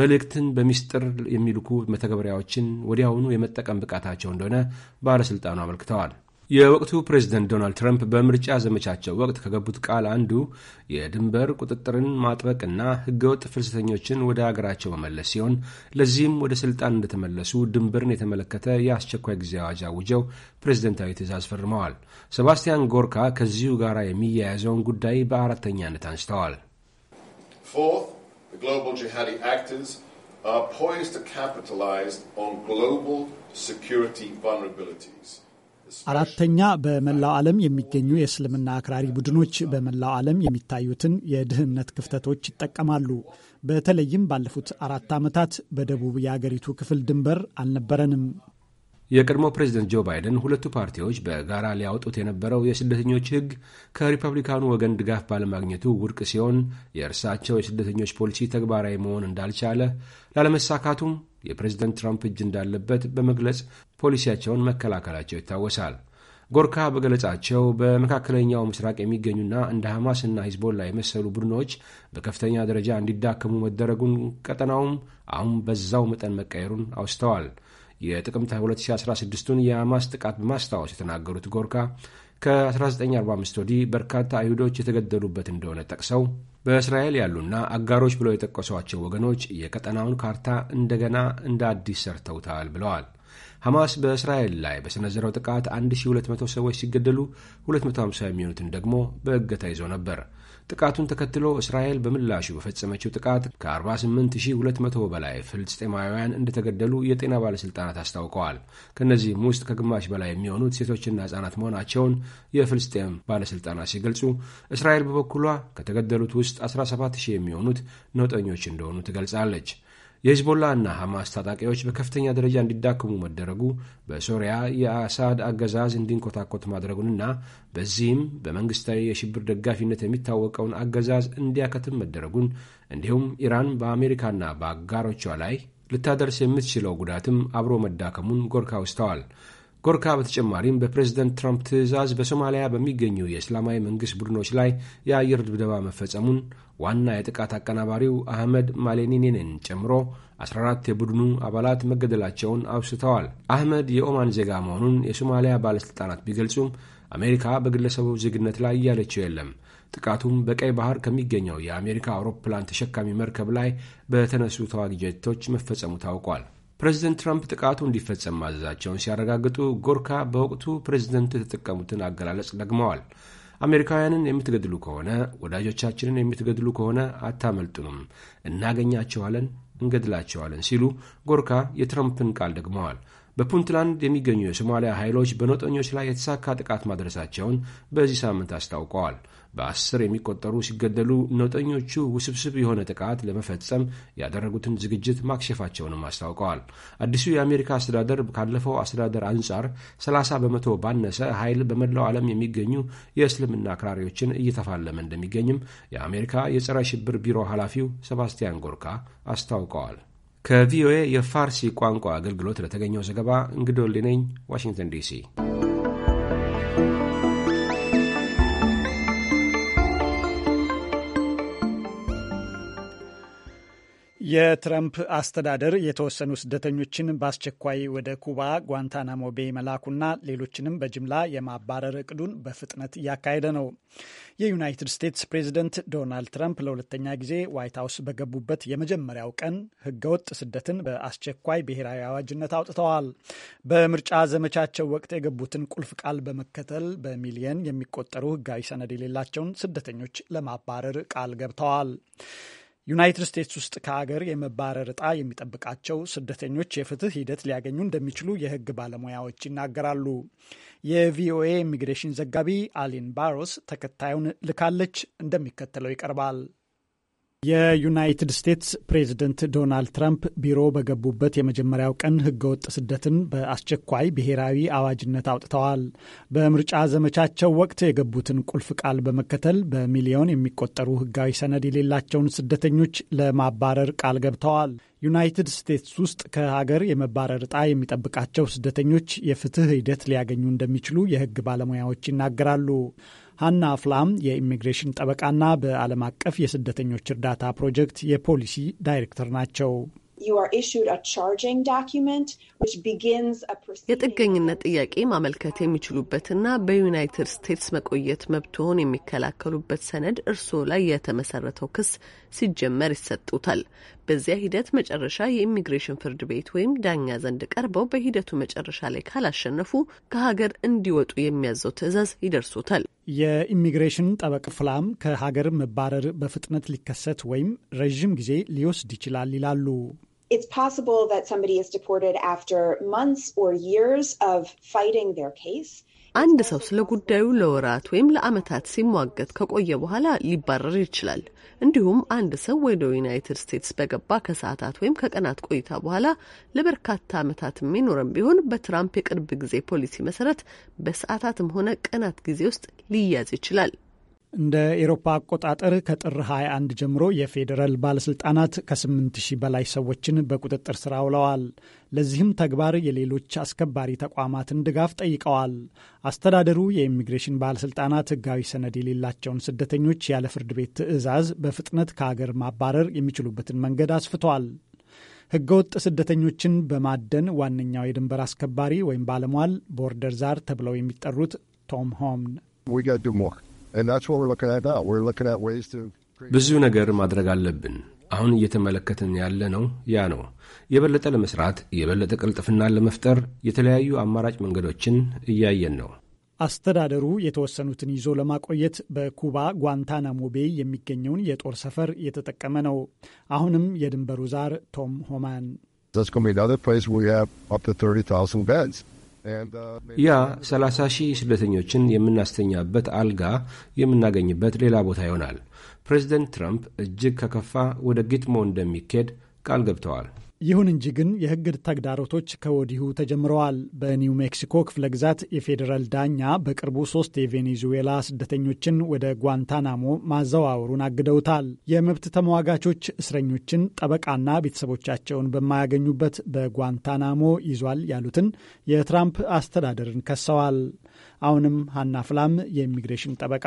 መልእክትን በሚስጥር የሚልኩ መተግበሪያዎችን ወዲያውኑ የመጠቀም ብቃታቸው እንደሆነ ባለሥልጣኑ አመልክተዋል። የወቅቱ ፕሬዝደንት ዶናልድ ትራምፕ በምርጫ ዘመቻቸው ወቅት ከገቡት ቃል አንዱ የድንበር ቁጥጥርን ማጥበቅና ሕገወጥ ፍልሰተኞችን ወደ አገራቸው መመለስ ሲሆን ለዚህም ወደ ስልጣን እንደተመለሱ ድንበርን የተመለከተ የአስቸኳይ ጊዜ አዋጅ አውጀው ፕሬዝደንታዊ ትእዛዝ ፈርመዋል። ሰባስቲያን ጎርካ ከዚሁ ጋር የሚያያዘውን ጉዳይ በአራተኛነት አንስተዋል። the global jihadi actors are poised to capitalize on global security vulnerabilities. አራተኛ በመላው ዓለም የሚገኙ የእስልምና አክራሪ ቡድኖች በመላው ዓለም የሚታዩትን የድህነት ክፍተቶች ይጠቀማሉ። በተለይም ባለፉት አራት ዓመታት በደቡብ የአገሪቱ ክፍል ድንበር አልነበረንም። የቀድሞ ፕሬዚደንት ጆ ባይደን ሁለቱ ፓርቲዎች በጋራ ሊያወጡት የነበረው የስደተኞች ሕግ ከሪፐብሊካኑ ወገን ድጋፍ ባለማግኘቱ ውድቅ ሲሆን የእርሳቸው የስደተኞች ፖሊሲ ተግባራዊ መሆን እንዳልቻለ ላለመሳካቱም የፕሬዚደንት ትራምፕ እጅ እንዳለበት በመግለጽ ፖሊሲያቸውን መከላከላቸው ይታወሳል። ጎርካ በገለጻቸው በመካከለኛው ምስራቅ የሚገኙና እንደ ሐማስ ሂዝቦላ የመሰሉ ቡድኖች በከፍተኛ ደረጃ እንዲዳከሙ መደረጉን ቀጠናውም አሁን በዛው መጠን መቀየሩን አውስተዋል። የጥቅምት 2016ቱን የሐማስ ጥቃት በማስታወስ የተናገሩት ጎርካ ከ1945 ወዲህ በርካታ አይሁዶች የተገደሉበት እንደሆነ ጠቅሰው በእስራኤል ያሉና አጋሮች ብለው የጠቀሷቸው ወገኖች የቀጠናውን ካርታ እንደገና እንደ አዲስ ሰርተውታል ብለዋል። ሐማስ በእስራኤል ላይ በሰነዘረው ጥቃት 1200 ሰዎች ሲገደሉ 250 የሚሆኑትን ደግሞ በእገታ ይዞ ነበር። ጥቃቱን ተከትሎ እስራኤል በምላሹ በፈጸመችው ጥቃት ከ48200 በላይ ፍልስጤማውያን እንደተገደሉ የጤና ባለሥልጣናት አስታውቀዋል። ከእነዚህም ውስጥ ከግማሽ በላይ የሚሆኑት ሴቶችና ሕጻናት መሆናቸውን የፍልስጤም ባለሥልጣናት ሲገልጹ፣ እስራኤል በበኩሏ ከተገደሉት ውስጥ 17000 የሚሆኑት ነውጠኞች እንደሆኑ ትገልጻለች። የሂዝቦላ እና ሐማስ ታጣቂዎች በከፍተኛ ደረጃ እንዲዳክሙ መደረጉ በሶሪያ የአሳድ አገዛዝ እንዲንኮታኮት ማድረጉንና በዚህም በመንግሥታዊ የሽብር ደጋፊነት የሚታወቀውን አገዛዝ እንዲያከትም መደረጉን እንዲሁም ኢራን በአሜሪካና በአጋሮቿ ላይ ልታደርስ የምትችለው ጉዳትም አብሮ መዳከሙን ጎርካ አውስተዋል። ጎርካ በተጨማሪም በፕሬዝደንት ትራምፕ ትዕዛዝ በሶማሊያ በሚገኙ የእስላማዊ መንግሥት ቡድኖች ላይ የአየር ድብደባ መፈጸሙን ዋና የጥቃት አቀናባሪው አህመድ ማሌኒኔንን ጨምሮ 14 የቡድኑ አባላት መገደላቸውን አውስተዋል። አህመድ የኦማን ዜጋ መሆኑን የሶማሊያ ባለሥልጣናት ቢገልጹም አሜሪካ በግለሰቡ ዜግነት ላይ እያለችው የለም። ጥቃቱም በቀይ ባህር ከሚገኘው የአሜሪካ አውሮፕላን ተሸካሚ መርከብ ላይ በተነሱ ተዋጊ ጀቶች መፈጸሙ ታውቋል። ፕሬዚደንት ትራምፕ ጥቃቱ እንዲፈጸም ማዘዛቸውን ሲያረጋግጡ ጎርካ በወቅቱ ፕሬዚደንቱ የተጠቀሙትን አገላለጽ ደግመዋል። አሜሪካውያንን የምትገድሉ ከሆነ ወዳጆቻችንን የምትገድሉ ከሆነ አታመልጡንም፣ እናገኛቸዋለን፣ እንገድላቸዋለን ሲሉ ጎርካ የትራምፕን ቃል ደግመዋል። በፑንትላንድ የሚገኙ የሶማሊያ ኃይሎች በነውጠኞች ላይ የተሳካ ጥቃት ማድረሳቸውን በዚህ ሳምንት አስታውቀዋል። በአስር የሚቆጠሩ ሲገደሉ ነውጠኞቹ ውስብስብ የሆነ ጥቃት ለመፈጸም ያደረጉትን ዝግጅት ማክሸፋቸውንም አስታውቀዋል። አዲሱ የአሜሪካ አስተዳደር ካለፈው አስተዳደር አንጻር 30 በመቶ ባነሰ ኃይል በመላው ዓለም የሚገኙ የእስልምና አክራሪዎችን እየተፋለመ እንደሚገኝም የአሜሪካ የጸረ ሽብር ቢሮ ኃላፊው ሴባስቲያን ጎርካ አስታውቀዋል። ከቪኦኤ የፋርሲ ቋንቋ አገልግሎት ለተገኘው ዘገባ እንግዶልነኝ ዋሽንግተን ዲሲ የትራምፕ አስተዳደር የተወሰኑ ስደተኞችን በአስቸኳይ ወደ ኩባ ጓንታናሞ ቤይ መላኩና ሌሎችንም በጅምላ የማባረር እቅዱን በፍጥነት እያካሄደ ነው። የዩናይትድ ስቴትስ ፕሬዚደንት ዶናልድ ትራምፕ ለሁለተኛ ጊዜ ዋይት ሀውስ በገቡበት የመጀመሪያው ቀን ህገወጥ ስደትን በአስቸኳይ ብሔራዊ አዋጅነት አውጥተዋል። በምርጫ ዘመቻቸው ወቅት የገቡትን ቁልፍ ቃል በመከተል በሚሊየን የሚቆጠሩ ህጋዊ ሰነድ የሌላቸውን ስደተኞች ለማባረር ቃል ገብተዋል። ዩናይትድ ስቴትስ ውስጥ ከሀገር የመባረር ዕጣ የሚጠብቃቸው ስደተኞች የፍትህ ሂደት ሊያገኙ እንደሚችሉ የህግ ባለሙያዎች ይናገራሉ። የቪኦኤ ኢሚግሬሽን ዘጋቢ አሊን ባሮስ ተከታዩን ልካለች፣ እንደሚከተለው ይቀርባል። የዩናይትድ ስቴትስ ፕሬዝደንት ዶናልድ ትራምፕ ቢሮ በገቡበት የመጀመሪያው ቀን ህገወጥ ስደትን በአስቸኳይ ብሔራዊ አዋጅነት አውጥተዋል። በምርጫ ዘመቻቸው ወቅት የገቡትን ቁልፍ ቃል በመከተል በሚሊዮን የሚቆጠሩ ህጋዊ ሰነድ የሌላቸውን ስደተኞች ለማባረር ቃል ገብተዋል። ዩናይትድ ስቴትስ ውስጥ ከሀገር የመባረር ዕጣ የሚጠብቃቸው ስደተኞች የፍትህ ሂደት ሊያገኙ እንደሚችሉ የህግ ባለሙያዎች ይናገራሉ። ሀና ፍላም የኢሚግሬሽን ጠበቃና በዓለም አቀፍ የስደተኞች እርዳታ ፕሮጀክት የፖሊሲ ዳይሬክተር ናቸው። የጥገኝነት ጥያቄ ማመልከት የሚችሉበትና በዩናይትድ ስቴትስ መቆየት መብትሆን የሚከላከሉበት ሰነድ እርስዎ ላይ የተመሰረተው ክስ ሲጀመር ይሰጡታል። በዚያ ሂደት መጨረሻ የኢሚግሬሽን ፍርድ ቤት ወይም ዳኛ ዘንድ ቀርበው በሂደቱ መጨረሻ ላይ ካላሸነፉ ከሀገር እንዲወጡ የሚያዘው ትዕዛዝ ይደርሶታል። የኢሚግሬሽን ጠበቅ ፍላም ከሀገር መባረር በፍጥነት ሊከሰት ወይም ረዥም ጊዜ ሊወስድ ይችላል ይላሉ። It's possible that somebody is deported after months or years of fighting their case. አንድ ሰው ስለ ጉዳዩ ለወራት ወይም ለዓመታት ሲሟገት ከቆየ በኋላ ሊባረር ይችላል። እንዲሁም አንድ ሰው ወደ ዩናይትድ ስቴትስ በገባ ከሰዓታት ወይም ከቀናት ቆይታ በኋላ ለበርካታ ዓመታት የሚኖረም ቢሆን በትራምፕ የቅርብ ጊዜ ፖሊሲ መሰረት በሰዓታትም ሆነ ቀናት ጊዜ ውስጥ ሊያዝ ይችላል። እንደ ኤሮፓ አቆጣጠር ከጥር 21 ጀምሮ የፌዴራል ባለስልጣናት ከ8 ሺህ በላይ ሰዎችን በቁጥጥር ስር አውለዋል። ለዚህም ተግባር የሌሎች አስከባሪ ተቋማትን ድጋፍ ጠይቀዋል። አስተዳደሩ የኢሚግሬሽን ባለስልጣናት ሕጋዊ ሰነድ የሌላቸውን ስደተኞች ያለ ፍርድ ቤት ትዕዛዝ በፍጥነት ከሀገር ማባረር የሚችሉበትን መንገድ አስፍቷል። ህገወጥ ስደተኞችን በማደን ዋነኛው የድንበር አስከባሪ ወይም ባለሟል ቦርደር ዛር ተብለው የሚጠሩት ቶም ሆምን ብዙ ነገር ማድረግ አለብን። አሁን እየተመለከትን ያለ ነው ያ ነው። የበለጠ ለመስራት የበለጠ ቅልጥፍናን ለመፍጠር የተለያዩ አማራጭ መንገዶችን እያየን ነው። አስተዳደሩ የተወሰኑትን ይዞ ለማቆየት በኩባ ጓንታናሞ ቤይ የሚገኘውን የጦር ሰፈር እየተጠቀመ ነው። አሁንም የድንበሩ ዛር ቶም ሆማን Uh, ያ 30 ሺህ ስደተኞችን የምናስተኛበት አልጋ የምናገኝበት ሌላ ቦታ ይሆናል። ፕሬዚደንት ትራምፕ እጅግ ከከፋ ወደ ጊትሞ እንደሚኬድ ቃል ገብተዋል። ይሁን እንጂ ግን የህግ ተግዳሮቶች ከወዲሁ ተጀምረዋል። በኒው ሜክሲኮ ክፍለ ግዛት የፌዴራል ዳኛ በቅርቡ ሶስት የቬኔዙዌላ ስደተኞችን ወደ ጓንታናሞ ማዘዋወሩን አግደውታል። የመብት ተሟጋቾች እስረኞችን ጠበቃና ቤተሰቦቻቸውን በማያገኙበት በጓንታናሞ ይዟል ያሉትን የትራምፕ አስተዳደርን ከሰዋል። አሁንም ሀና ፍላም የኢሚግሬሽን ጠበቃ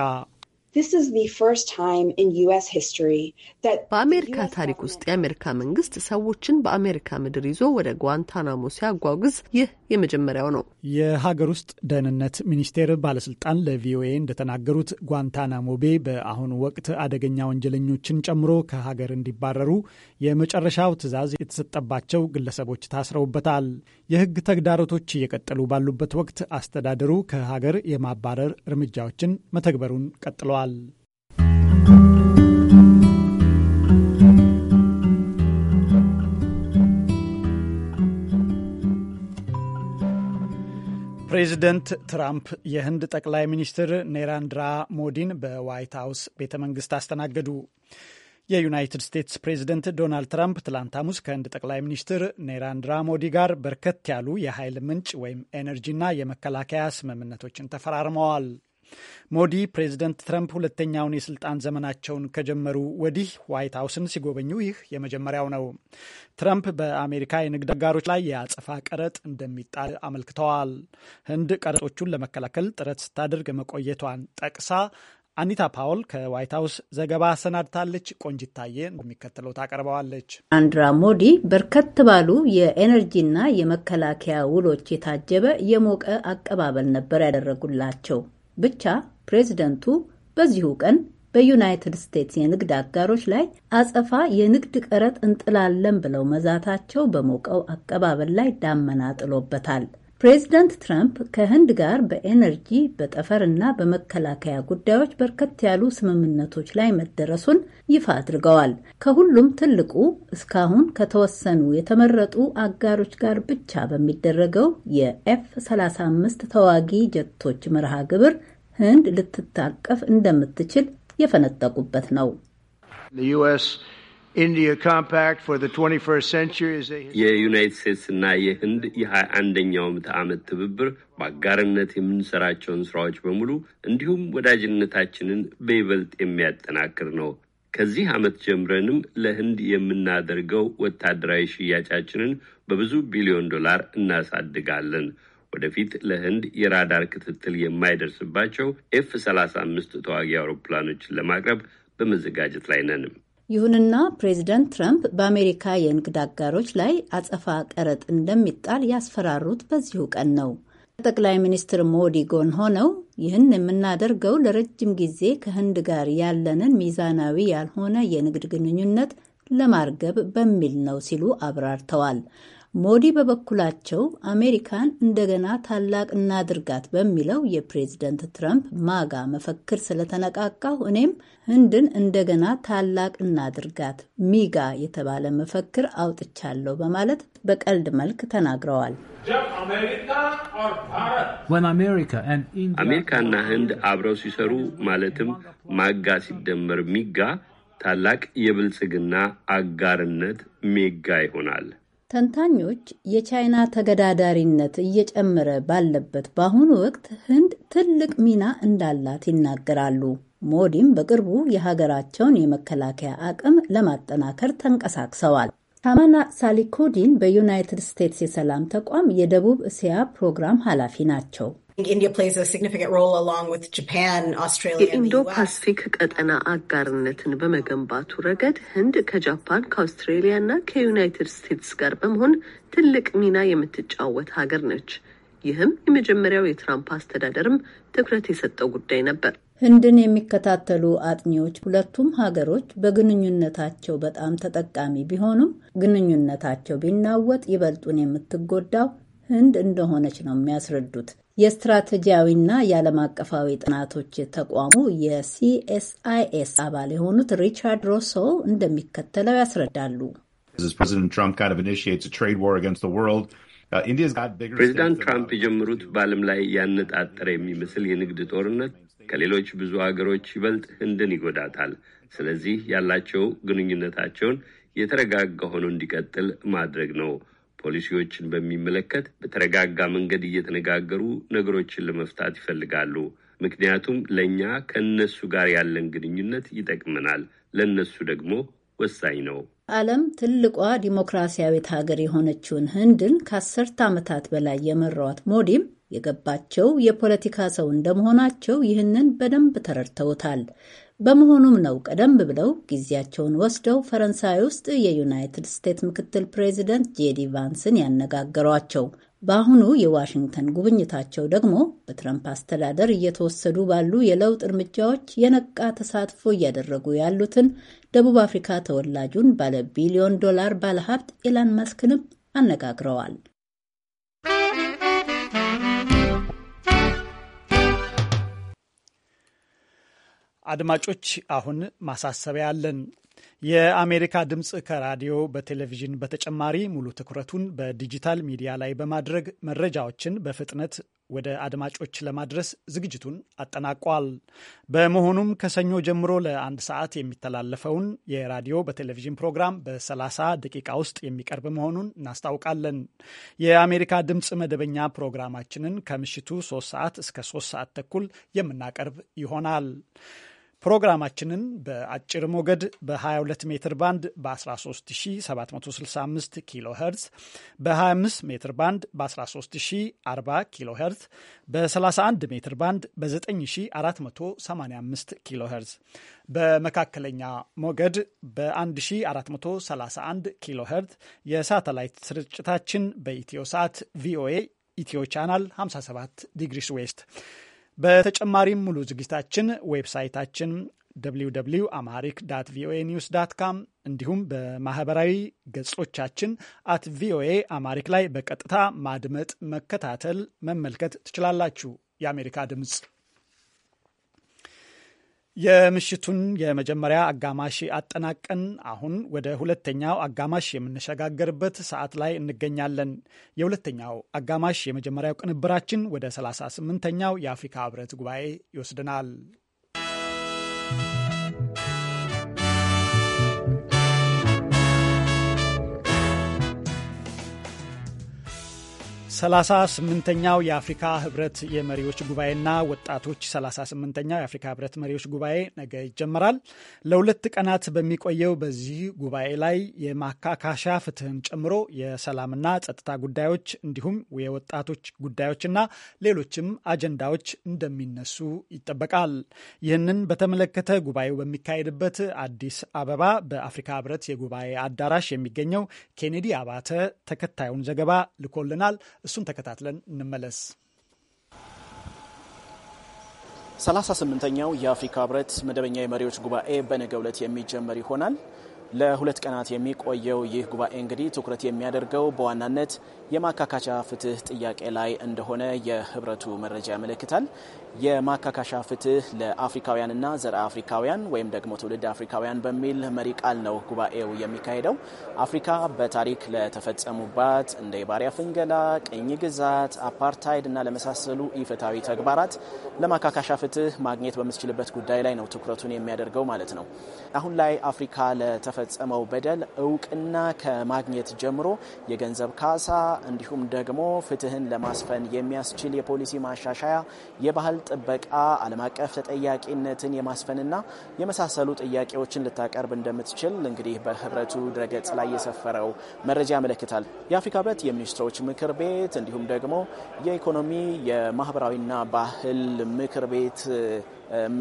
በአሜሪካ ታሪክ ውስጥ የአሜሪካ መንግስት ሰዎችን በአሜሪካ ምድር ይዞ ወደ ጓንታናሞ ሲያጓጉዝ ይህ የመጀመሪያው ነው። የሀገር ውስጥ ደህንነት ሚኒስቴር ባለስልጣን ለቪኦኤ እንደተናገሩት ጓንታናሞ ቤ በአሁኑ ወቅት አደገኛ ወንጀለኞችን ጨምሮ ከሀገር እንዲባረሩ የመጨረሻው ትዕዛዝ የተሰጠባቸው ግለሰቦች ታስረውበታል። የህግ ተግዳሮቶች እየቀጠሉ ባሉበት ወቅት አስተዳደሩ ከሀገር የማባረር እርምጃዎችን መተግበሩን ቀጥለዋል። ፕሬዚደንት ትራምፕ የህንድ ጠቅላይ ሚኒስትር ኔራንድራ ሞዲን በዋይት ሀውስ ቤተ መንግስት አስተናገዱ። የዩናይትድ ስቴትስ ፕሬዚደንት ዶናልድ ትራምፕ ትላንት ሐሙስ ከህንድ ጠቅላይ ሚኒስትር ኔራንድራ ሞዲ ጋር በርከት ያሉ የኃይል ምንጭ ወይም ኤነርጂና የመከላከያ ስምምነቶችን ተፈራርመዋል። ሞዲ ፕሬዚደንት ትረምፕ ሁለተኛውን የስልጣን ዘመናቸውን ከጀመሩ ወዲህ ዋይት ሀውስን ሲጎበኙ ይህ የመጀመሪያው ነው። ትረምፕ በአሜሪካ የንግድ አጋሮች ላይ የአጸፋ ቀረጥ እንደሚጣል አመልክተዋል። ህንድ ቀረጦቹን ለመከላከል ጥረት ስታደርግ መቆየቷን ጠቅሳ አኒታ ፓውል ከዋይት ሀውስ ዘገባ ሰናድታለች። ቆንጅታዬ እንደሚከተለው ታቀርበዋለች። አንድራ ሞዲ በርከት ባሉ የኤነርጂና የመከላከያ ውሎች የታጀበ የሞቀ አቀባበል ነበር ያደረጉላቸው። ብቻ ፕሬዚደንቱ በዚሁ ቀን በዩናይትድ ስቴትስ የንግድ አጋሮች ላይ አጸፋ የንግድ ቀረጥ እንጥላለን ብለው መዛታቸው በሞቀው አቀባበል ላይ ዳመና ጥሎበታል። ፕሬዚዳንት ትራምፕ ከህንድ ጋር በኤነርጂ በጠፈርና በመከላከያ ጉዳዮች በርከት ያሉ ስምምነቶች ላይ መደረሱን ይፋ አድርገዋል። ከሁሉም ትልቁ እስካሁን ከተወሰኑ የተመረጡ አጋሮች ጋር ብቻ በሚደረገው የኤፍ 35 ተዋጊ ጀቶች መርሃ ግብር ህንድ ልትታቀፍ እንደምትችል የፈነጠቁበት ነው። የዩናይት ስቴትስና የህንድ የሀያ አንደኛው ምዕተ ዓመት ትብብር በአጋርነት የምንሰራቸውን ስራዎች በሙሉ እንዲሁም ወዳጅነታችንን በይበልጥ የሚያጠናክር ነው። ከዚህ ዓመት ጀምረንም ለህንድ የምናደርገው ወታደራዊ ሽያጫችንን በብዙ ቢሊዮን ዶላር እናሳድጋለን። ወደፊት ለህንድ የራዳር ክትትል የማይደርስባቸው ኤፍ 35 ተዋጊ አውሮፕላኖችን ለማቅረብ በመዘጋጀት ላይ ነንም። ይሁንና ፕሬዚደንት ትራምፕ በአሜሪካ የንግድ አጋሮች ላይ አጸፋ ቀረጥ እንደሚጣል ያስፈራሩት በዚሁ ቀን ነው። ከጠቅላይ ሚኒስትር ሞዲ ጎን ሆነው ይህን የምናደርገው ለረጅም ጊዜ ከህንድ ጋር ያለንን ሚዛናዊ ያልሆነ የንግድ ግንኙነት ለማርገብ በሚል ነው ሲሉ አብራርተዋል። ሞዲ በበኩላቸው አሜሪካን እንደገና ታላቅ እናድርጋት በሚለው የፕሬዝደንት ትራምፕ ማጋ መፈክር ስለተነቃቃሁ እኔም ህንድን እንደገና ታላቅ እናድርጋት ሚጋ የተባለ መፈክር አውጥቻለሁ በማለት በቀልድ መልክ ተናግረዋል። አሜሪካና ህንድ አብረው ሲሰሩ ማለትም ማጋ ሲደመር ሚጋ ታላቅ የብልጽግና አጋርነት ሜጋ ይሆናል። ተንታኞች የቻይና ተገዳዳሪነት እየጨመረ ባለበት በአሁኑ ወቅት ህንድ ትልቅ ሚና እንዳላት ይናገራሉ። ሞዲም በቅርቡ የሀገራቸውን የመከላከያ አቅም ለማጠናከር ተንቀሳቅሰዋል። ታማና ሳሊኮዲን በዩናይትድ ስቴትስ የሰላም ተቋም የደቡብ እስያ ፕሮግራም ኃላፊ ናቸው። የኢንዶ ፓስፊክ ቀጠና አጋርነትን በመገንባቱ ረገድ ህንድ ከጃፓን ከአውስትሬሊያ እና ከዩናይትድ ስቴትስ ጋር በመሆን ትልቅ ሚና የምትጫወት ሀገር ነች። ይህም የመጀመሪያው የትራምፕ አስተዳደርም ትኩረት የሰጠው ጉዳይ ነበር። ህንድን የሚከታተሉ አጥኚዎች ሁለቱም ሀገሮች በግንኙነታቸው በጣም ተጠቃሚ ቢሆኑም ግንኙነታቸው ቢናወጥ ይበልጡን የምትጎዳው ህንድ እንደሆነች ነው የሚያስረዱት። የስትራቴጂያዊና የዓለም አቀፋዊ ጥናቶች ተቋሙ የሲኤስአይኤስ አባል የሆኑት ሪቻርድ ሮሶ እንደሚከተለው ያስረዳሉ። ፕሬዚዳንት ትራምፕ uh, የጀመሩት በዓለም ላይ ያነጣጠረ የሚመስል የንግድ ጦርነት ከሌሎች ብዙ አገሮች ይበልጥ ህንድን ይጎዳታል። ስለዚህ ያላቸው ግንኙነታቸውን የተረጋጋ ሆኖ እንዲቀጥል ማድረግ ነው። ፖሊሲዎችን በሚመለከት በተረጋጋ መንገድ እየተነጋገሩ ነገሮችን ለመፍታት ይፈልጋሉ። ምክንያቱም ለእኛ ከእነሱ ጋር ያለን ግንኙነት ይጠቅመናል፣ ለእነሱ ደግሞ ወሳኝ ነው። ዓለም ትልቋ ዲሞክራሲያዊት ሀገር የሆነችውን ህንድን ከአስርት ዓመታት በላይ የመሯት ሞዲም የገባቸው የፖለቲካ ሰው እንደመሆናቸው ይህንን በደንብ ተረድተውታል። በመሆኑም ነው ቀደም ብለው ጊዜያቸውን ወስደው ፈረንሳይ ውስጥ የዩናይትድ ስቴትስ ምክትል ፕሬዚደንት ጄዲ ቫንስን ያነጋገሯቸው። በአሁኑ የዋሽንግተን ጉብኝታቸው ደግሞ በትረምፕ አስተዳደር እየተወሰዱ ባሉ የለውጥ እርምጃዎች የነቃ ተሳትፎ እያደረጉ ያሉትን ደቡብ አፍሪካ ተወላጁን ባለ ቢሊዮን ዶላር ባለሀብት ኢላን መስክንም አነጋግረዋል። አድማጮች አሁን ማሳሰቢያ አለን። የአሜሪካ ድምፅ ከራዲዮ በቴሌቪዥን በተጨማሪ ሙሉ ትኩረቱን በዲጂታል ሚዲያ ላይ በማድረግ መረጃዎችን በፍጥነት ወደ አድማጮች ለማድረስ ዝግጅቱን አጠናቋል። በመሆኑም ከሰኞ ጀምሮ ለአንድ ሰዓት የሚተላለፈውን የራዲዮ በቴሌቪዥን ፕሮግራም በ30 ደቂቃ ውስጥ የሚቀርብ መሆኑን እናስታውቃለን። የአሜሪካ ድምፅ መደበኛ ፕሮግራማችንን ከምሽቱ 3 ሰዓት እስከ 3 ሰዓት ተኩል የምናቀርብ ይሆናል። ፕሮግራማችንን በአጭር ሞገድ በ22 ሜትር ባንድ በ13765 ኪሎ ሄርዝ በ25 ሜትር ባንድ በ13040 ኪሎ ሄርዝ በ31 ሜትር ባንድ በ9485 ኪሎ ሄርዝ በመካከለኛ ሞገድ በ1431 ኪሎ ሄርዝ የሳተላይት ስርጭታችን በኢትዮ ሰዓት ቪኦኤ ኢትዮ ቻናል 57 ዲግሪስ ዌስት በተጨማሪም ሙሉ ዝግጅታችን ዌብሳይታችን ደብሊው አማሪክ ዳት ቪኦኤ ኒውስ ዳት ካም እንዲሁም በማህበራዊ ገጾቻችን አት ቪኦኤ አማሪክ ላይ በቀጥታ ማድመጥ፣ መከታተል፣ መመልከት ትችላላችሁ። የአሜሪካ ድምፅ የምሽቱን የመጀመሪያ አጋማሽ አጠናቀን አሁን ወደ ሁለተኛው አጋማሽ የምንሸጋገርበት ሰዓት ላይ እንገኛለን። የሁለተኛው አጋማሽ የመጀመሪያው ቅንብራችን ወደ 38ኛው የአፍሪካ ህብረት ጉባኤ ይወስድናል። ሰላሳ ስምንተኛው የአፍሪካ ህብረት የመሪዎች ጉባኤና ወጣቶች ሰላሳ ስምንተኛው የአፍሪካ ህብረት መሪዎች ጉባኤ ነገ ይጀመራል። ለሁለት ቀናት በሚቆየው በዚህ ጉባኤ ላይ የማካካሻ ፍትህን ጨምሮ የሰላምና ጸጥታ ጉዳዮች እንዲሁም የወጣቶች ጉዳዮችና ሌሎችም አጀንዳዎች እንደሚነሱ ይጠበቃል። ይህንን በተመለከተ ጉባኤው በሚካሄድበት አዲስ አበባ በአፍሪካ ህብረት የጉባኤ አዳራሽ የሚገኘው ኬኔዲ አባተ ተከታዩን ዘገባ ልኮልናል። እሱን ተከታትለን እንመለስ። 38ኛው የአፍሪካ ህብረት መደበኛ የመሪዎች ጉባኤ በነገው ዕለት የሚጀመር ይሆናል። ለሁለት ቀናት የሚቆየው ይህ ጉባኤ እንግዲህ ትኩረት የሚያደርገው በዋናነት የማካካቻ ፍትህ ጥያቄ ላይ እንደሆነ የህብረቱ መረጃ ያመለክታል። የማካካሻ ፍትህ ለአፍሪካውያንና ዘረ አፍሪካውያን ወይም ደግሞ ትውልድ አፍሪካውያን በሚል መሪ ቃል ነው ጉባኤው የሚካሄደው። አፍሪካ በታሪክ ለተፈጸሙባት እንደ የባሪያ ፍንገላ፣ ቅኝ ግዛት፣ አፓርታይድ እና ለመሳሰሉ ኢፍትሐዊ ተግባራት ለማካካሻ ፍትህ ማግኘት በምትችልበት ጉዳይ ላይ ነው ትኩረቱን የሚያደርገው ማለት ነው። አሁን ላይ አፍሪካ ለተፈጸመው በደል እውቅና ከማግኘት ጀምሮ የገንዘብ ካሳ እንዲሁም ደግሞ ፍትህን ለማስፈን የሚያስችል የፖሊሲ ማሻሻያ የባህል ጥበቃ፣ ዓለም አቀፍ ተጠያቂነትን የማስፈንና የመሳሰሉ ጥያቄዎችን ልታቀርብ እንደምትችል እንግዲህ በህብረቱ ድረገጽ ላይ የሰፈረው መረጃ ያመለክታል። የአፍሪካ ህብረት የሚኒስትሮች ምክር ቤት እንዲሁም ደግሞ የኢኮኖሚ የማህበራዊና ባህል ምክር ቤት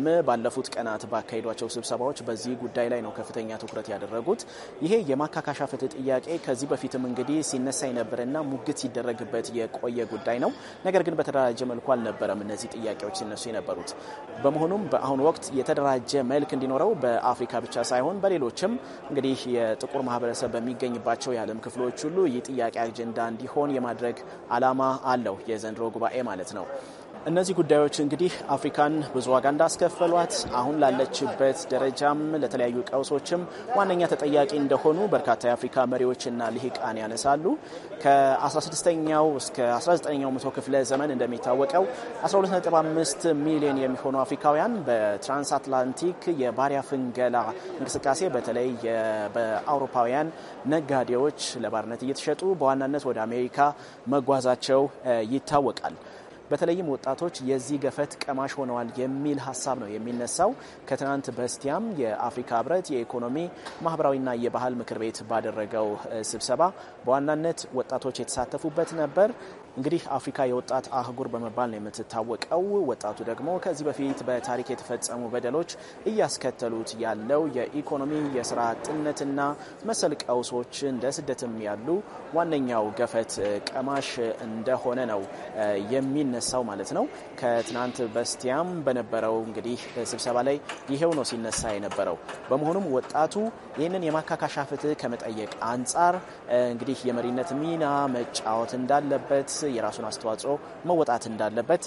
ም ባለፉት ቀናት ባካሄዷቸው ስብሰባዎች በዚህ ጉዳይ ላይ ነው ከፍተኛ ትኩረት ያደረጉት። ይሄ የማካካሻ ፍትህ ጥያቄ ከዚህ በፊትም እንግዲህ ሲነሳ የነበረና ሙግት ሲደረግበት የቆየ ጉዳይ ነው። ነገር ግን በተደራጀ መልኩ አልነበረም እነዚህ ጥያቄዎች ሲነሱ የነበሩት። በመሆኑም በአሁኑ ወቅት የተደራጀ መልክ እንዲኖረው በአፍሪካ ብቻ ሳይሆን በሌሎችም እንግዲህ የጥቁር ማህበረሰብ በሚገኝባቸው የዓለም ክፍሎች ሁሉ ይህ ጥያቄ አጀንዳ እንዲሆን የማድረግ ዓላማ አለው የዘንድሮ ጉባኤ ማለት ነው። እነዚህ ጉዳዮች እንግዲህ አፍሪካን ብዙ ዋጋ እንዳስከፈሏት አሁን ላለችበት ደረጃም ለተለያዩ ቀውሶችም ዋነኛ ተጠያቂ እንደሆኑ በርካታ የአፍሪካ መሪዎችና ልሂቃን ያነሳሉ። ከ16ኛው እስከ 19ኛው መቶ ክፍለ ዘመን እንደሚታወቀው 125 ሚሊዮን የሚሆኑ አፍሪካውያን በትራንስአትላንቲክ የባሪያ ፍንገላ እንቅስቃሴ በተለይ በአውሮፓውያን ነጋዴዎች ለባርነት እየተሸጡ በዋናነት ወደ አሜሪካ መጓዛቸው ይታወቃል። በተለይም ወጣቶች የዚህ ገፈት ቀማሽ ሆነዋል የሚል ሀሳብ ነው የሚነሳው። ከትናንት በስቲያም የአፍሪካ ህብረት የኢኮኖሚ ማህበራዊና የባህል ምክር ቤት ባደረገው ስብሰባ በዋናነት ወጣቶች የተሳተፉበት ነበር። እንግዲህ አፍሪካ የወጣት አህጉር በመባል ነው የምትታወቀው። ወጣቱ ደግሞ ከዚህ በፊት በታሪክ የተፈጸሙ በደሎች እያስከተሉት ያለው የኢኮኖሚ የስራ አጥነትና መሰል ቀውሶች እንደ ስደትም ያሉ ዋነኛው ገፈት ቀማሽ እንደሆነ ነው የሚነሳው ማለት ነው። ከትናንት በስቲያም በነበረው እንግዲህ ስብሰባ ላይ ይሄው ነው ሲነሳ የነበረው። በመሆኑም ወጣቱ ይህንን የማካካሻ ፍትህ ከመጠየቅ አንጻር እንግዲህ የመሪነት ሚና መጫወት እንዳለበት፣ የራሱን አስተዋጽኦ መወጣት እንዳለበት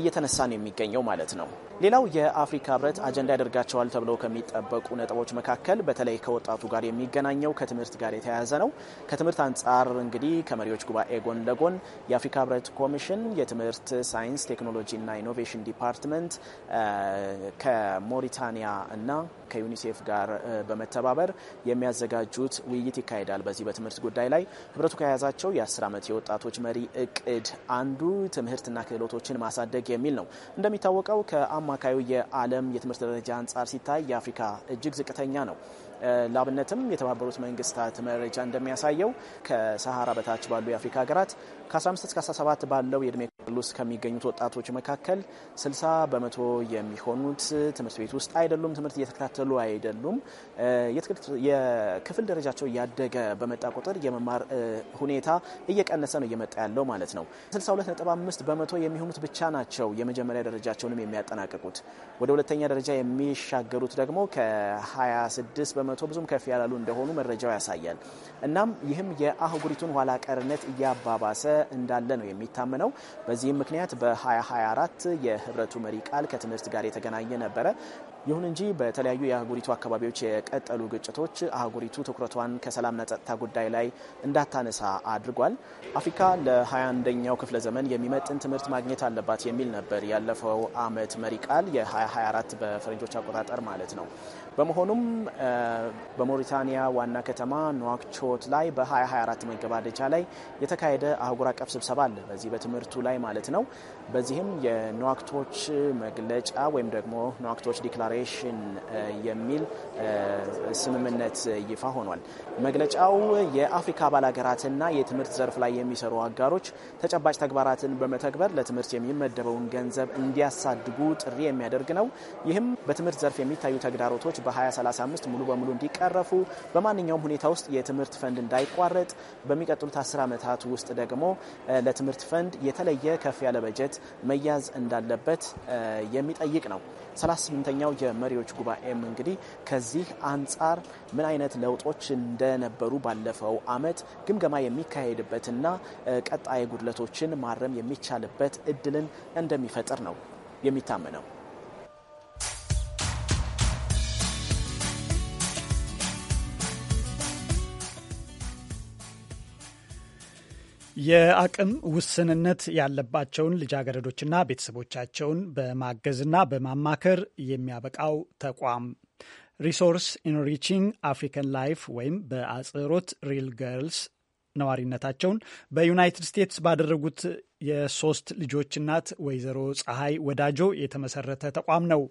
እየተነሳ ነው የሚገኘው ማለት ነው። ሌላው የአፍሪካ ህብረት አጀንዳ ያደርጋቸዋል ተብለው ከሚጠበቁ ነጥቦች መካከል በተለይ ከወጣቱ ጋር የሚገናኘው ከትምህርት ጋር የተያያዘ ነው። ከትምህርት አንጻር አንጻር እንግዲህ ከመሪዎች ጉባኤ ጎን ለጎን የአፍሪካ ህብረት ኮሚሽን የትምህርት ሳይንስ፣ ቴክኖሎጂና ኢኖቬሽን ዲፓርትመንት ከሞሪታኒያ እና ከዩኒሴፍ ጋር በመተባበር የሚያዘጋጁት ውይይት ይካሄዳል። በዚህ በትምህርት ጉዳይ ላይ ህብረቱ ከያዛቸው የ የአስር ዓመት የወጣቶች መሪ እቅድ አንዱ ትምህርትና ክህሎቶችን ማሳደግ የሚል ነው። እንደሚታወቀው ከአማካዩ የዓለም የትምህርት ደረጃ አንጻር ሲታይ የአፍሪካ እጅግ ዝቅተኛ ነው። ለአብነትም የተባበሩት መንግስታት መረጃ እንደሚያሳየው ከሰሃራ በታች ባሉ የአፍሪካ ሀገራት ከ15 እስከ 17 ባለው የእድሜ ክልል ውስጥ ከሚገኙት ወጣቶች መካከል 60 በመቶ የሚሆኑት ትምህርት ቤት ውስጥ አይደሉም፣ ትምህርት እየተከታተሉ አይደሉም። የክፍል ደረጃቸው እያደገ በመጣ ቁጥር የመማር ሁኔታ እየቀነሰ ነው እየመጣ ያለው ማለት ነው። 62.5 በመቶ የሚሆኑት ብቻ ናቸው የመጀመሪያ ደረጃቸውንም የሚያጠናቅቁት። ወደ ሁለተኛ ደረጃ የሚሻገሩት ደግሞ ከ26 በመቶ ብዙም ከፍ ያላሉ እንደሆኑ መረጃው ያሳያል። እናም ይህም የአህጉሪቱን ኋላ ቀርነት እያባባሰ እንዳለ ነው የሚታመነው። በዚህም ምክንያት በ2024 የህብረቱ መሪ ቃል ከትምህርት ጋር የተገናኘ ነበረ። ይሁን እንጂ በተለያዩ የአህጉሪቱ አካባቢዎች የቀጠሉ ግጭቶች አህጉሪቱ ትኩረቷን ከሰላምና ጸጥታ ጉዳይ ላይ እንዳታነሳ አድርጓል። አፍሪካ ለ21ኛው ክፍለ ዘመን የሚመጥን ትምህርት ማግኘት አለባት የሚል ነበር ያለፈው አመት መሪ ቃል የ2024 በፈረንጆች አቆጣጠር ማለት ነው። በመሆኑም በሞሪታኒያ ዋና ከተማ ኑዋክቾት ላይ በ2024 መገባደጃ ላይ የተካሄደ አህጉር አቀፍ ስብሰባ አለ። በዚህ በትምህርቱ ላይ ማለት ነው። በዚህም የነዋክቶች መግለጫ ወይም ደግሞ ነዋክቶች ዲክላሬሽን የሚል ስምምነት ይፋ ሆኗል። መግለጫው የአፍሪካ አባል ሀገራትና የትምህርት ዘርፍ ላይ የሚሰሩ አጋሮች ተጨባጭ ተግባራትን በመተግበር ለትምህርት የሚመደበውን ገንዘብ እንዲያሳድጉ ጥሪ የሚያደርግ ነው። ይህም በትምህርት ዘርፍ የሚታዩ ተግዳሮቶች በ2035 ሙሉ በሙሉ እንዲቀረፉ፣ በማንኛውም ሁኔታ ውስጥ የትምህርት ፈንድ እንዳይቋረጥ፣ በሚቀጥሉት አስር ዓመታት ውስጥ ደግሞ ለትምህርት ፈንድ የተለየ ከፍ ያለ በጀት መያዝ እንዳለበት የሚጠይቅ ነው። ሰላሳ ስምንተኛው የመሪዎች ጉባኤም እንግዲህ ከዚህ አንጻር ምን አይነት ለውጦች እንደነበሩ ባለፈው አመት ግምገማ የሚካሄድበትና ቀጣይ ጉድለቶችን ማረም የሚቻልበት እድልን እንደሚፈጥር ነው የሚታመነው። የአቅም ውስንነት ያለባቸውን ልጃገረዶችና ቤተሰቦቻቸውን በማገዝና በማማከር የሚያበቃው ተቋም ሪሶርስ ኢንሪቺንግ አፍሪካን ላይፍ ወይም በአጽሮት ሪል ገርልስ ነዋሪነታቸውን በዩናይትድ ስቴትስ ባደረጉት የሶስት ልጆች እናት ወይዘሮ ፀሐይ ወዳጆ የተመሰረተ ተቋም ነው።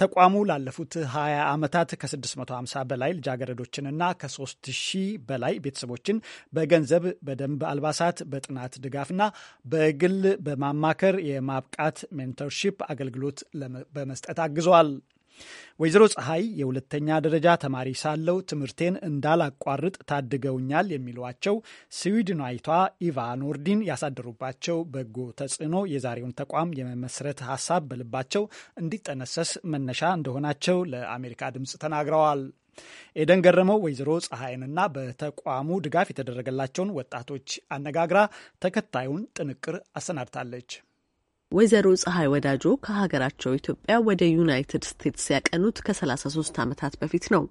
ተቋሙ ላለፉት 20 ዓመታት ከ650 በላይ ልጃገረዶችንና ከ3000 በላይ ቤተሰቦችን በገንዘብ፣ በደንብ አልባሳት፣ በጥናት ድጋፍና በግል በማማከር የማብቃት ሜንቶርሺፕ አገልግሎት በመስጠት አግዘዋል። ወይዘሮ ፀሐይ የሁለተኛ ደረጃ ተማሪ ሳለው ትምህርቴን እንዳላቋርጥ ታድገውኛል የሚሏቸው ስዊድናዊቷ ኢቫ ኖርዲን ያሳደሩባቸው በጎ ተጽዕኖ የዛሬውን ተቋም የመመስረት ሀሳብ በልባቸው እንዲጠነሰስ መነሻ እንደሆናቸው ለአሜሪካ ድምፅ ተናግረዋል። ኤደን ገረመው ወይዘሮ ፀሐይንና በተቋሙ ድጋፍ የተደረገላቸውን ወጣቶች አነጋግራ ተከታዩን ጥንቅር አሰናድታለች። ወይዘሮ ፀሐይ ወዳጆ ከሀገራቸው ኢትዮጵያ ወደ ዩናይትድ ስቴትስ ያቀኑት ከ33 ዓመታት በፊት ነው።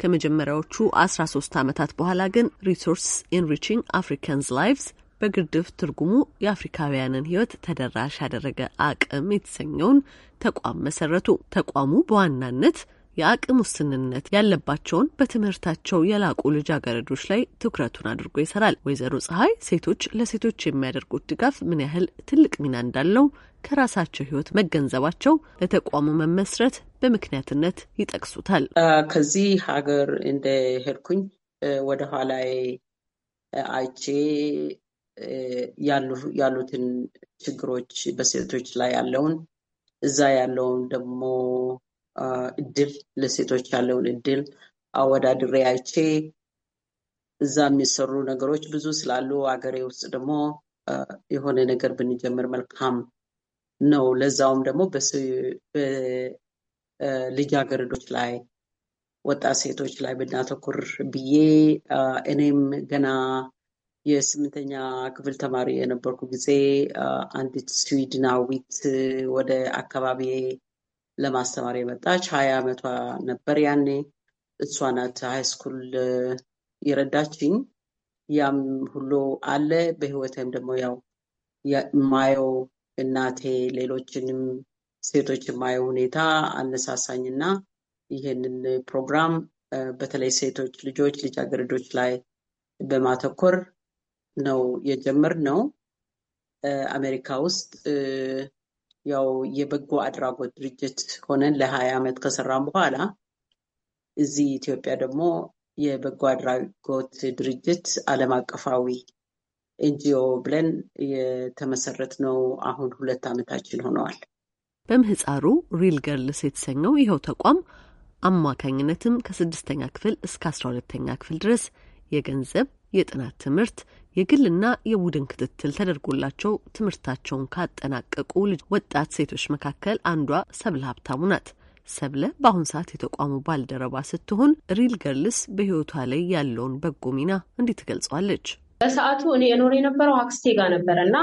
ከመጀመሪያዎቹ 13 ዓመታት በኋላ ግን ሪሶርስ ኢንሪችንግ አፍሪካንስ ላይቭስ በግርድፍ ትርጉሙ የአፍሪካውያንን ሕይወት ተደራሽ ያደረገ አቅም የተሰኘውን ተቋም መሰረቱ። ተቋሙ በዋናነት የአቅም ውስንነት ያለባቸውን በትምህርታቸው የላቁ ልጃገረዶች ላይ ትኩረቱን አድርጎ ይሰራል። ወይዘሮ ፀሐይ ሴቶች ለሴቶች የሚያደርጉት ድጋፍ ምን ያህል ትልቅ ሚና እንዳለው ከራሳቸው ህይወት መገንዘባቸው ለተቋሙ መመስረት በምክንያትነት ይጠቅሱታል። ከዚህ ሀገር እንደሄድኩኝ ወደ ኋላዬ አይቼ ያሉትን ችግሮች በሴቶች ላይ ያለውን እዛ ያለውን ደግሞ እድል ለሴቶች ያለውን እድል አወዳድሬ አይቼ እዛ የሚሰሩ ነገሮች ብዙ ስላሉ አገሬ ውስጥ ደግሞ የሆነ ነገር ብንጀምር መልካም ነው። ለዛውም ደግሞ በልጃገረዶች ላይ ወጣት ሴቶች ላይ ብናተኩር ብዬ እኔም ገና የስምንተኛ ክፍል ተማሪ የነበርኩ ጊዜ አንዲት ስዊድናዊት ወደ አካባቢ ለማስተማር የመጣች ሀያ ዓመቷ ነበር ያኔ። እሷ ናት ሃይስኩል የረዳችኝ። ያም ሁሉ አለ። በህይወቴም ደግሞ ያው የማየው እናቴ ሌሎችንም ሴቶች የማየው ሁኔታ አነሳሳኝና ይህንን ፕሮግራም በተለይ ሴቶች ልጆች፣ ልጃገረዶች ላይ በማተኮር ነው ነው አሜሪካ ውስጥ ያው የበጎ አድራጎት ድርጅት ሆነን ለሀያ ዓመት ከሰራን በኋላ እዚህ ኢትዮጵያ ደግሞ የበጎ አድራጎት ድርጅት ዓለም አቀፋዊ ኤንጂኦ ብለን የተመሰረት ነው። አሁን ሁለት ዓመታችን ሆነዋል። በምህፃሩ ሪል ገርልስ የተሰኘው ይኸው ተቋም አማካኝነትም ከስድስተኛ ክፍል እስከ አስራ ሁለተኛ ክፍል ድረስ የገንዘብ የጥናት ትምህርት የግልና የቡድን ክትትል ተደርጎላቸው ትምህርታቸውን ካጠናቀቁ ወጣት ሴቶች መካከል አንዷ ሰብለ ሀብታሙ ናት። ሰብለ በአሁን ሰዓት የተቋሙ ባልደረባ ስትሆን ሪል ገርልስ በህይወቷ ላይ ያለውን በጎ ሚና እንዲህ ትገልጸዋለች። በሰዓቱ እኔ የኖር የነበረው አክስቴ ጋር ነበረ እና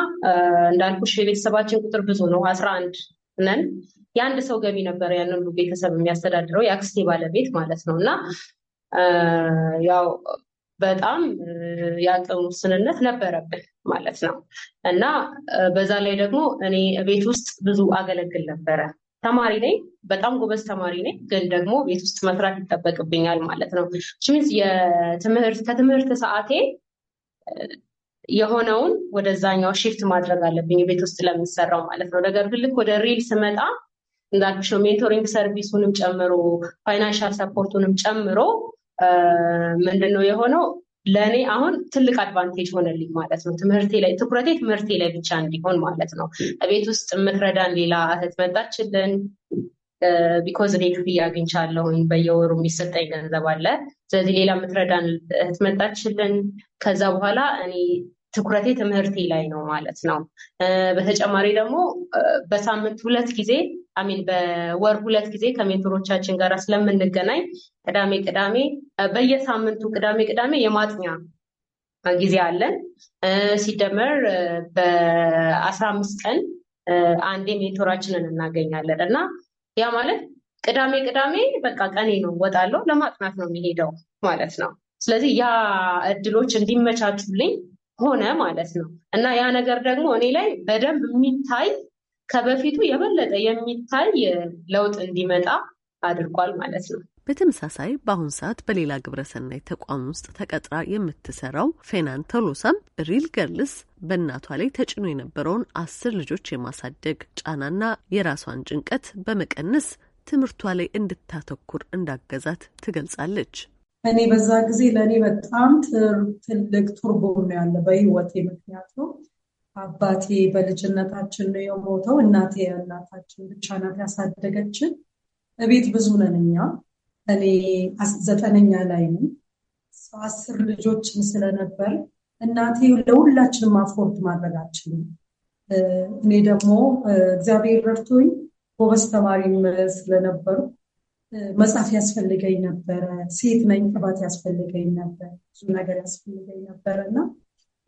እንዳልኩሽ የቤተሰባችን ቁጥር ብዙ ነው፣ አስራ አንድ ነን። የአንድ ሰው ገቢ ነበረ ያንን ቤተሰብ የሚያስተዳድረው የአክስቴ ባለቤት ማለት ነው እና ያው በጣም የአቅም ውስንነት ነበረብን ማለት ነው እና በዛ ላይ ደግሞ እኔ ቤት ውስጥ ብዙ አገለግል ነበረ። ተማሪ ነኝ፣ በጣም ጎበዝ ተማሪ ነኝ፣ ግን ደግሞ ቤት ውስጥ መስራት ይጠበቅብኛል ማለት ነው። ችሚንስ ከትምህርት ሰዓቴ የሆነውን ወደዛኛው ሽፍት ማድረግ አለብኝ ቤት ውስጥ ለሚሰራው ማለት ነው። ነገር ግን ልክ ወደ ሪል ስመጣ እንዳልኩሽ ነው ሜንቶሪንግ ሰርቪሱንም ጨምሮ ፋይናንሻል ሰፖርቱንም ጨምሮ ምንድን ነው የሆነው ለእኔ አሁን ትልቅ አድቫንቴጅ ሆነልኝ ማለት ነው። ትምህርቴ ላይ ትኩረቴ ትምህርቴ ላይ ብቻ እንዲሆን ማለት ነው። ቤት ውስጥ የምትረዳን ሌላ እህት መጣችልን። ቢኮዝ እኔ ክፍያ አግኝቻለሁኝ በየወሩ የሚሰጠኝ ገንዘብ አለ። ስለዚህ ሌላ የምትረዳን እህት መጣችልን። ከዛ በኋላ እኔ ትኩረቴ ትምህርቴ ላይ ነው ማለት ነው። በተጨማሪ ደግሞ በሳምንት ሁለት ጊዜ አሚን በወር ሁለት ጊዜ ከሜንቶሮቻችን ጋር ስለምንገናኝ ቅዳሜ ቅዳሜ በየሳምንቱ ቅዳሜ ቅዳሜ የማጥኛ ጊዜ አለን። ሲደመር በአስራ አምስት ቀን አንዴ ሜንቶራችንን እናገኛለን እና ያ ማለት ቅዳሜ ቅዳሜ በቃ ቀኔ ነው ወጣለሁ ለማጥናት ነው የሚሄደው ማለት ነው። ስለዚህ ያ እድሎች እንዲመቻቹልኝ ሆነ ማለት ነው እና ያ ነገር ደግሞ እኔ ላይ በደንብ የሚታይ ከበፊቱ የበለጠ የሚታይ ለውጥ እንዲመጣ አድርጓል ማለት ነው። በተመሳሳይ በአሁን ሰዓት በሌላ ግብረሰናይ ተቋም ውስጥ ተቀጥራ የምትሰራው ፌናን ቶሎሳም ሪል ገርልስ በእናቷ ላይ ተጭኖ የነበረውን አስር ልጆች የማሳደግ ጫናና የራሷን ጭንቀት በመቀነስ ትምህርቷ ላይ እንድታተኩር እንዳገዛት ትገልጻለች። እኔ በዛ ጊዜ ለእኔ በጣም ትልቅ ቱርቦ ነው ያለ በህይወቴ ምክንያቱም አባቴ በልጅነታችን ነው የሞተው። እናቴ እናታችን ብቻ ናት ያሳደገችን። እቤት ብዙ ነን እኛ። እኔ ዘጠነኛ ላይ ነው አስር ልጆችን ስለነበር እናቴ ለሁላችንም አፎርድ ማድረግ እኔ ደግሞ እግዚአብሔር ረድቶኝ ጎበዝ ተማሪም ስለነበሩ መጽሐፍ ያስፈልገኝ ነበረ። ሴት ነኝ፣ ቅባት ያስፈልገኝ ነበር፣ ብዙ ነገር ያስፈልገኝ ነበረ እና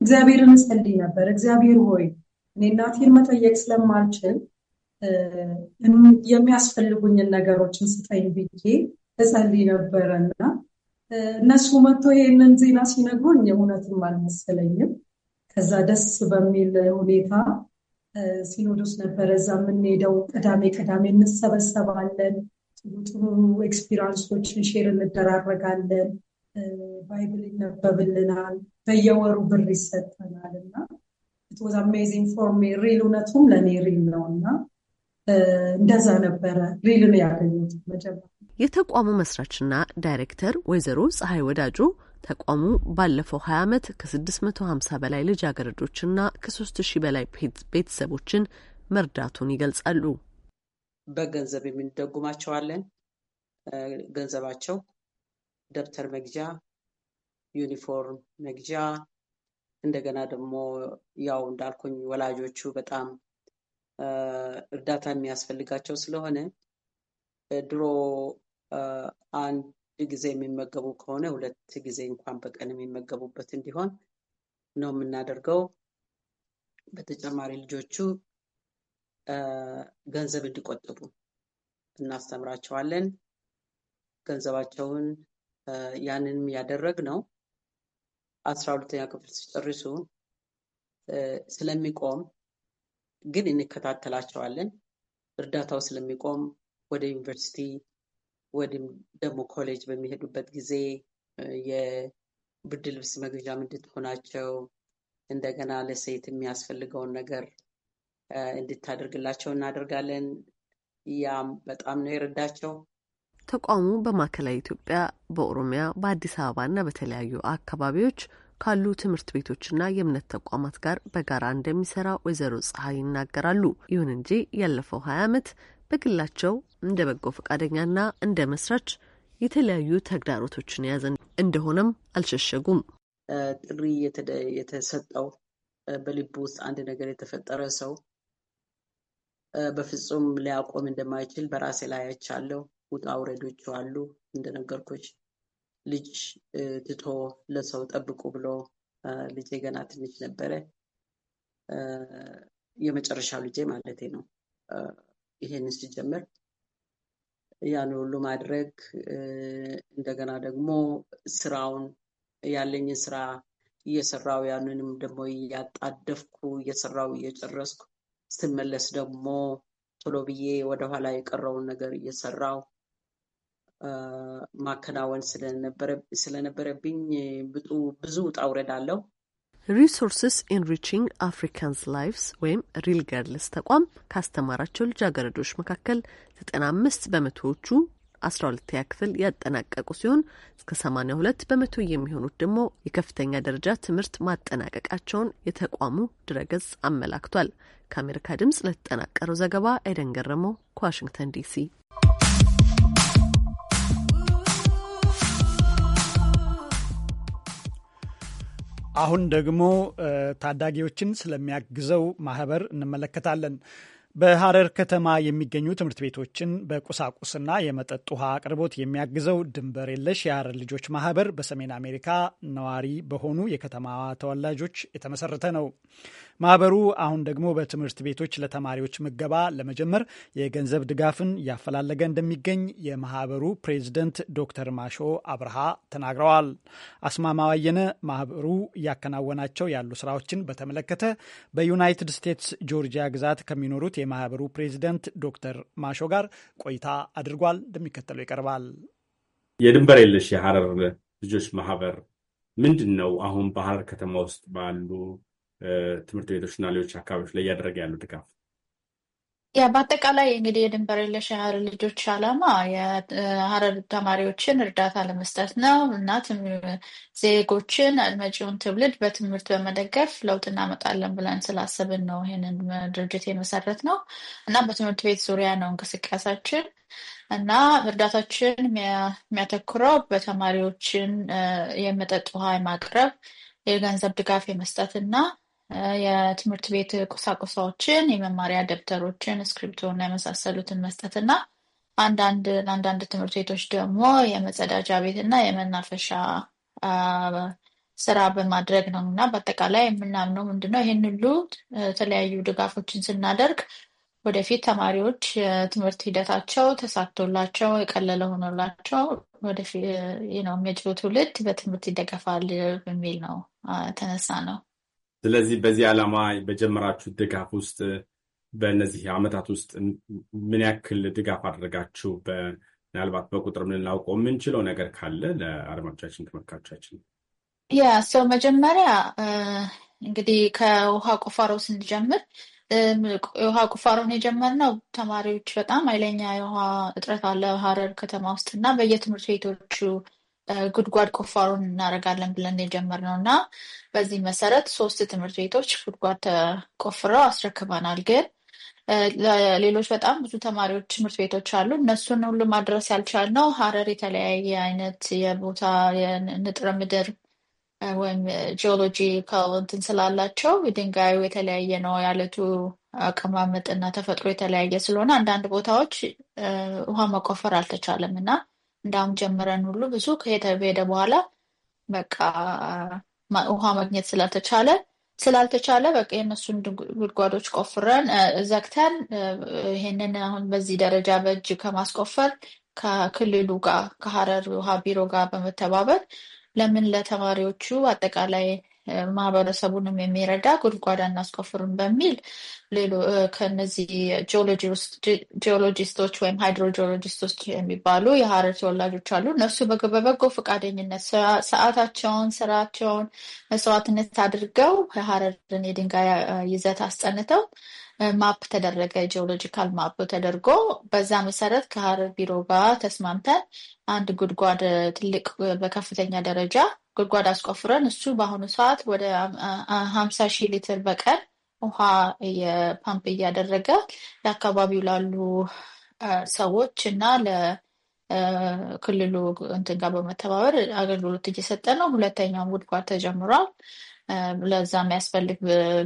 እግዚአብሔርን እጸልይ ነበር። እግዚአብሔር ሆይ እኔ እናቴን መጠየቅ ስለማልችል የሚያስፈልጉኝን ነገሮችን ስጠኝ ብዬ እጸልይ እና እነሱ መጥቶ ይህንን ዜና ሲነግሩኝ እውነትም አልመሰለኝም። ከዛ ደስ በሚል ሁኔታ ሲኖዶስ ነበረ እዛ የምንሄደው። ቅዳሜ ቅዳሜ እንሰበሰባለን። ጥሩ ጥሩ ኤክስፒሪንሶችን ሼር እንደራረጋለን። ባይብል ይነበብልናል፣ በየወሩ ብር ይሰጠናል እና ኢትወዝ አሜዚንግ ፎር ሚ ሪል እውነቱም ለእኔ ሪል ነው እና እንደዛ ነበረ ሪል ነው ያገኙት መጀመሪያ። የተቋሙ መስራችና ዳይሬክተር ወይዘሮ ፀሐይ ወዳጆ ተቋሙ ባለፈው 20 ዓመት ከ650 በላይ ልጃገረዶችና ከ3000 በላይ ቤተሰቦችን መርዳቱን ይገልጻሉ። በገንዘብ የምንደጉማቸዋለን። ገንዘባቸው ደብተር መግዣ፣ ዩኒፎርም መግዣ እንደገና ደግሞ ያው እንዳልኩኝ ወላጆቹ በጣም እርዳታ የሚያስፈልጋቸው ስለሆነ ድሮ አንድ ጊዜ የሚመገቡ ከሆነ ሁለት ጊዜ እንኳን በቀን የሚመገቡበት እንዲሆን ነው የምናደርገው። በተጨማሪ ልጆቹ ገንዘብ እንዲቆጥቡ እናስተምራቸዋለን። ገንዘባቸውን ያንንም ነው አስራ ሁለተኛ ክፍል ሲጨርሱ ስለሚቆም ግን እንከታተላቸዋለን። እርዳታው ስለሚቆም ወደ ዩኒቨርሲቲ ወይም ደግሞ ኮሌጅ በሚሄዱበት ጊዜ የብርድ ልብስ መግዣ እንድትሆናቸው እንደገና ለሴት የሚያስፈልገውን ነገር እንድታደርግላቸው እናደርጋለን። ያም በጣም ነው የረዳቸው። ተቋሙ በማዕከላዊ ኢትዮጵያ፣ በኦሮሚያ፣ በአዲስ አበባና በተለያዩ አካባቢዎች ካሉ ትምህርት ቤቶችና የእምነት ተቋማት ጋር በጋራ እንደሚሰራ ወይዘሮ ፀሐይ ይናገራሉ። ይሁን እንጂ ያለፈው ሀያ ዓመት በግላቸው እንደ በጎ ፈቃደኛና እንደ መስራች የተለያዩ ተግዳሮቶችን የያዘ እንደሆነም አልሸሸጉም። ጥሪ የተሰጠው በልቡ ውስጥ አንድ ነገር የተፈጠረ ሰው በፍጹም ሊያቆም እንደማይችል በራሴ ላይ አይቻለሁ። ውጣ ውረዶች አሉ። እንደነገርኩች ልጅ ትቶ ለሰው ጠብቁ ብሎ ልጄ ገና ትንሽ ነበረ። የመጨረሻው ልጄ ማለቴ ነው። ይሄን ሲጀምር ያን ሁሉ ማድረግ እንደገና ደግሞ ስራውን ያለኝን ስራ እየሰራው ያንንም ደግሞ እያጣደፍኩ እየሰራው እየጨረስኩ ስመለስ ደግሞ ቶሎ ብዬ ወደኋላ የቀረውን ነገር እየሰራው ማከናወን ስለነበረብኝ ብዙ ውጣ ውረድ አለው። ሪሶርስስ ኢንሪችንግ አፍሪካንስ ላይቭስ ወይም ሪል ገርልስ ተቋም ካስተማራቸው ልጃገረዶች መካከል ዘጠና አምስት በመቶዎቹ አስራ ሁለተኛ ክፍል ያጠናቀቁ ሲሆን እስከ ሰማኒያ ሁለት በመቶ የሚሆኑት ደግሞ የከፍተኛ ደረጃ ትምህርት ማጠናቀቃቸውን የተቋሙ ድረገጽ አመላክቷል። ከአሜሪካ ድምጽ ለተጠናቀረው ዘገባ ኤደን ገረመው ከዋሽንግተን ዲሲ አሁን ደግሞ ታዳጊዎችን ስለሚያግዘው ማህበር እንመለከታለን። በሐረር ከተማ የሚገኙ ትምህርት ቤቶችን በቁሳቁስና የመጠጥ ውሃ አቅርቦት የሚያግዘው ድንበር የለሽ የሐረር ልጆች ማህበር በሰሜን አሜሪካ ነዋሪ በሆኑ የከተማዋ ተወላጆች የተመሰረተ ነው። ማህበሩ አሁን ደግሞ በትምህርት ቤቶች ለተማሪዎች ምገባ ለመጀመር የገንዘብ ድጋፍን እያፈላለገ እንደሚገኝ የማህበሩ ፕሬዚደንት ዶክተር ማሾ አብርሃ ተናግረዋል። አስማማዋየነ ማህበሩ እያከናወናቸው ያሉ ስራዎችን በተመለከተ በዩናይትድ ስቴትስ ጆርጂያ ግዛት ከሚኖሩት የማህበሩ ፕሬዚደንት ዶክተር ማሾ ጋር ቆይታ አድርጓል። እንደሚከተለው ይቀርባል። የድንበር የለሽ የሀረር ልጆች ማህበር ምንድን ነው? አሁን በሀረር ከተማ ውስጥ ባሉ ትምህርት ቤቶችና ሌሎች አካባቢዎች ላይ እያደረገ ያሉ ድጋፍ? ያ በአጠቃላይ እንግዲህ የድንበር የለሽ የሀረር ልጆች አላማ የሀረር ተማሪዎችን እርዳታ ለመስጠት ነው እና ዜጎችን መጪውን ትውልድ በትምህርት በመደገፍ ለውጥ እናመጣለን ብለን ስላሰብን ነው ይህንን ድርጅት የመሰረት ነው እና በትምህርት ቤት ዙሪያ ነው እንቅስቃሴያችን እና እርዳታችን የሚያተኩረው በተማሪዎችን የመጠጥ ውሃ የማቅረብ የገንዘብ ድጋፍ የመስጠት እና የትምህርት ቤት ቁሳቁሳዎችን፣ የመማሪያ ደብተሮችን፣ እስክሪብቶ የመሳሰሉትን መስጠት እና አንዳንድ ለአንዳንድ ትምህርት ቤቶች ደግሞ የመጸዳጃ ቤት እና የመናፈሻ ስራ በማድረግ ነው እና በአጠቃላይ የምናምነው ምንድነው ይህን ሁሉ የተለያዩ ድጋፎችን ስናደርግ ወደፊት ተማሪዎች የትምህርት ሂደታቸው ተሳክቶላቸው የቀለለ ሆኖላቸው ወደፊት የሚያጭሩ ትውልድ በትምህርት ይደገፋል በሚል ነው ተነሳ ነው። ስለዚህ በዚህ ዓላማ በጀመራችሁ ድጋፍ ውስጥ በእነዚህ ዓመታት ውስጥ ምን ያክል ድጋፍ አድርጋችሁ ምናልባት በቁጥር ልናውቀው የምንችለው ነገር ካለ ለአድማጮቻችን፣ ተመልካቾቻችን። ያ ሰው መጀመሪያ እንግዲህ ከውሃ ቁፋሮ ስንጀምር የውሃ ቁፋሮን የጀመርነው ተማሪዎች በጣም ኃይለኛ የውሃ እጥረት አለ ሀረር ከተማ ውስጥ እና በየትምህርት ቤቶቹ ጉድጓድ ቁፋሮን እናደርጋለን ብለን የጀመርነው እና በዚህ መሰረት ሶስት ትምህርት ቤቶች ጉድጓድ ተቆፍረው አስረክበናል። ግን ሌሎች በጣም ብዙ ተማሪዎች ትምህርት ቤቶች አሉ። እነሱን ሁሉ ማድረስ ያልቻልነው ሀረር የተለያየ አይነት የቦታ የንጥረ ምድር ወይም ጂኦሎጂ እንትን ስላላቸው ድንጋዩ የተለያየ ነው። የአለቱ አቀማመጥ እና ተፈጥሮ የተለያየ ስለሆነ አንዳንድ ቦታዎች ውሃ መቆፈር አልተቻለም እና እንዳሁም ጀምረን ሁሉ ብዙ ከሄደ በኋላ በቃ ውሃ ማግኘት ስላልተቻለ ስላልተቻለ በቃ የእነሱን ጉድጓዶች ቆፍረን ዘግተን ይሄንን አሁን በዚህ ደረጃ በእጅ ከማስቆፈር ከክልሉ ጋር ከሀረር ውሃ ቢሮ ጋር በመተባበር ለምን ለተማሪዎቹ አጠቃላይ ማህበረሰቡንም የሚረዳ ጉድጓድ እናስቆፍርም በሚል ሌሎ ከነዚህ ጂኦሎጂስቶች ወይም ሃይድሮጂኦሎጂስቶች የሚባሉ የሀረር ተወላጆች አሉ። እነሱ በበጎ ፈቃደኝነት ሰዓታቸውን፣ ስራቸውን መስዋዕትነት አድርገው የሀረርን የድንጋይ ይዘት አስጠንተው ማፕ ተደረገ። ጂኦሎጂካል ማፕ ተደርጎ በዛ መሰረት ከሀረር ቢሮ ጋር ተስማምተን አንድ ጉድጓድ ትልቅ በከፍተኛ ደረጃ ጉድጓድ አስቆፍረን እሱ በአሁኑ ሰዓት ወደ ሀምሳ ሺህ ሊትር በቀን ውሃ የፓምፕ እያደረገ ለአካባቢው ላሉ ሰዎች እና ለክልሉ እንትን ጋር በመተባበር አገልግሎት እየሰጠ ነው። ሁለተኛውም ጉድጓድ ተጀምሯል። ለዛ የሚያስፈልግ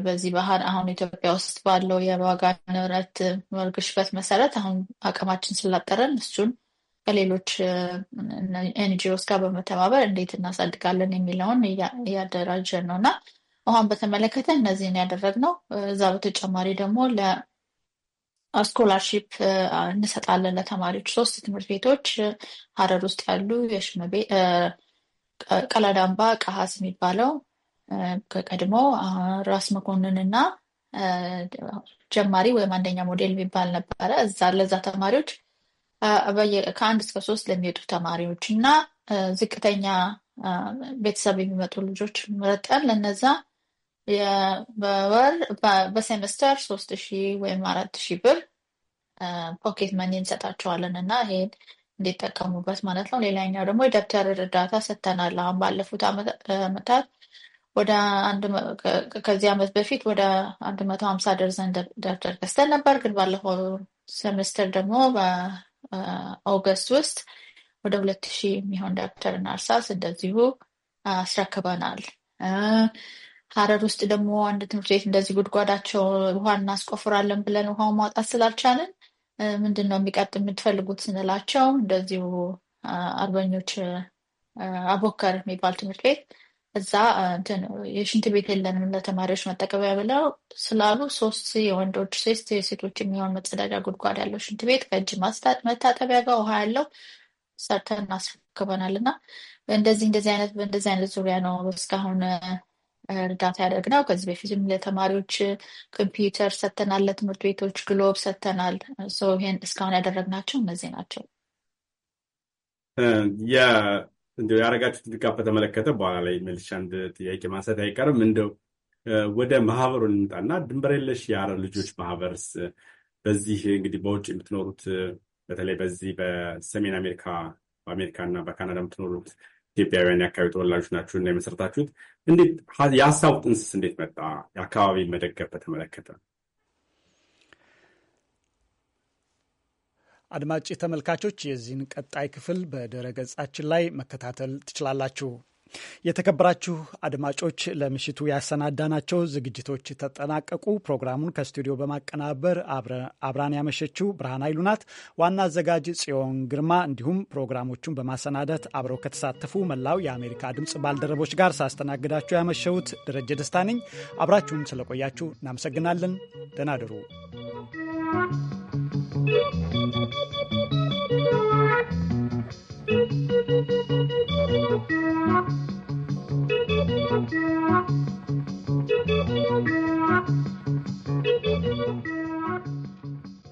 በዚህ ባህል አሁን ኢትዮጵያ ውስጥ ባለው የዋጋ ንብረት ግሽበት መሰረት አሁን አቅማችን ስላጠረን እሱን ከሌሎች ኤንጂኦስ ጋር በመተባበር እንዴት እናሳድጋለን የሚለውን እያደራጀን ነው እና ውሃን በተመለከተ እነዚህን ያደረግነው። እዛ በተጨማሪ ደግሞ ለስኮላርሺፕ እንሰጣለን ለተማሪዎች። ሶስት ትምህርት ቤቶች ሀረር ውስጥ ያሉ የሽመቤ፣ ቀላዳምባ፣ ቀሀስ የሚባለው ከቀድሞ ራስ መኮንን እና ጀማሪ ወይም አንደኛ ሞዴል የሚባል ነበረ። እዛ ለዛ ተማሪዎች ከአንድ እስከ ሶስት ለሚሄዱ ተማሪዎች እና ዝቅተኛ ቤተሰብ የሚመጡ ልጆች መረጠን ለነዛ በወር በሴምስተር ሶስት ሺህ ወይም አራት ሺህ ብር ፖኬት መኒ እንሰጣቸዋለን እና ይሄን እንዲጠቀሙበት ማለት ነው። ሌላኛው ደግሞ የደብተር እርዳታ ሰጥተናል። አሁን ባለፉት ዓመታት ወደ ከዚህ ዓመት በፊት ወደ አንድ መቶ ሀምሳ ደርዘን ደብተር ገዝተን ነበር። ግን ባለፈው ሴምስተር ደግሞ ኦገስት ውስጥ ወደ ሁለት ሺህ የሚሆን ዶክተር እና እርሳስ እንደዚሁ አስረክበናል። ሀረር ውስጥ ደግሞ አንድ ትምህርት ቤት እንደዚህ ጉድጓዳቸው ውሃ እናስቆፍራለን ብለን ውሃው ማውጣት ስላልቻለን ምንድን ነው የሚቀጥ የምትፈልጉት ስንላቸው እንደዚሁ አርበኞች አቦከር የሚባል ትምህርት ቤት እዛ እንትን የሽንት ቤት የለንም ለተማሪዎች መጠቀሚያ ብለው ስላሉ ሶስት የወንዶች ሶስት የሴቶች የሚሆን መጸዳጃ ጉድጓድ ያለው ሽንት ቤት ከእጅ መታጠቢያ ጋር ውሃ ያለው ሰርተን አስረክበናል እና እንደዚህ እንደዚህ አይነት በእንደዚህ አይነት ዙሪያ ነው እስካሁን እርዳታ ነው። ከዚህ በፊትም ለተማሪዎች ኮምፒውተር ሰተናል ለትምህርት ቤቶች ግሎብ ሰተናል ይህን እስካሁን ያደረግናቸው እነዚህ ናቸው። እንዲ ያደረጋችሁት ድጋፍ በተመለከተ በኋላ ላይ መልሼ አንድ ጥያቄ ማንሳት አይቀርም። እንደው ወደ ማህበሩ እንምጣና ድንበር የለሽ የሀረር ልጆች ማህበርስ በዚህ እንግዲህ በውጭ የምትኖሩት በተለይ በዚህ በሰሜን አሜሪካ በአሜሪካ እና በካናዳ የምትኖሩት ኢትዮጵያውያን የአካባቢ ተወላጆች ናችሁ እና የመሰረታችሁት እንዴት የሀሳቡ ጥንስስ እንዴት መጣ? የአካባቢ መደገፍ በተመለከተ አድማጭ ተመልካቾች የዚህን ቀጣይ ክፍል በድረ ገጻችን ላይ መከታተል ትችላላችሁ። የተከበራችሁ አድማጮች ለምሽቱ ያሰናዳናቸው ዝግጅቶች ተጠናቀቁ። ፕሮግራሙን ከስቱዲዮ በማቀናበር አብራን ያመሸችው ብርሃን ኃይሉ ናት። ዋና አዘጋጅ ጽዮን ግርማ፣ እንዲሁም ፕሮግራሞቹን በማሰናደት አብረው ከተሳተፉ መላው የአሜሪካ ድምፅ ባልደረቦች ጋር ሳስተናግዳችሁ ያመሸሁት ደረጀ ደስታ ነኝ። አብራችሁን ስለቆያችሁ እናመሰግናለን። ደህና you. Thank you.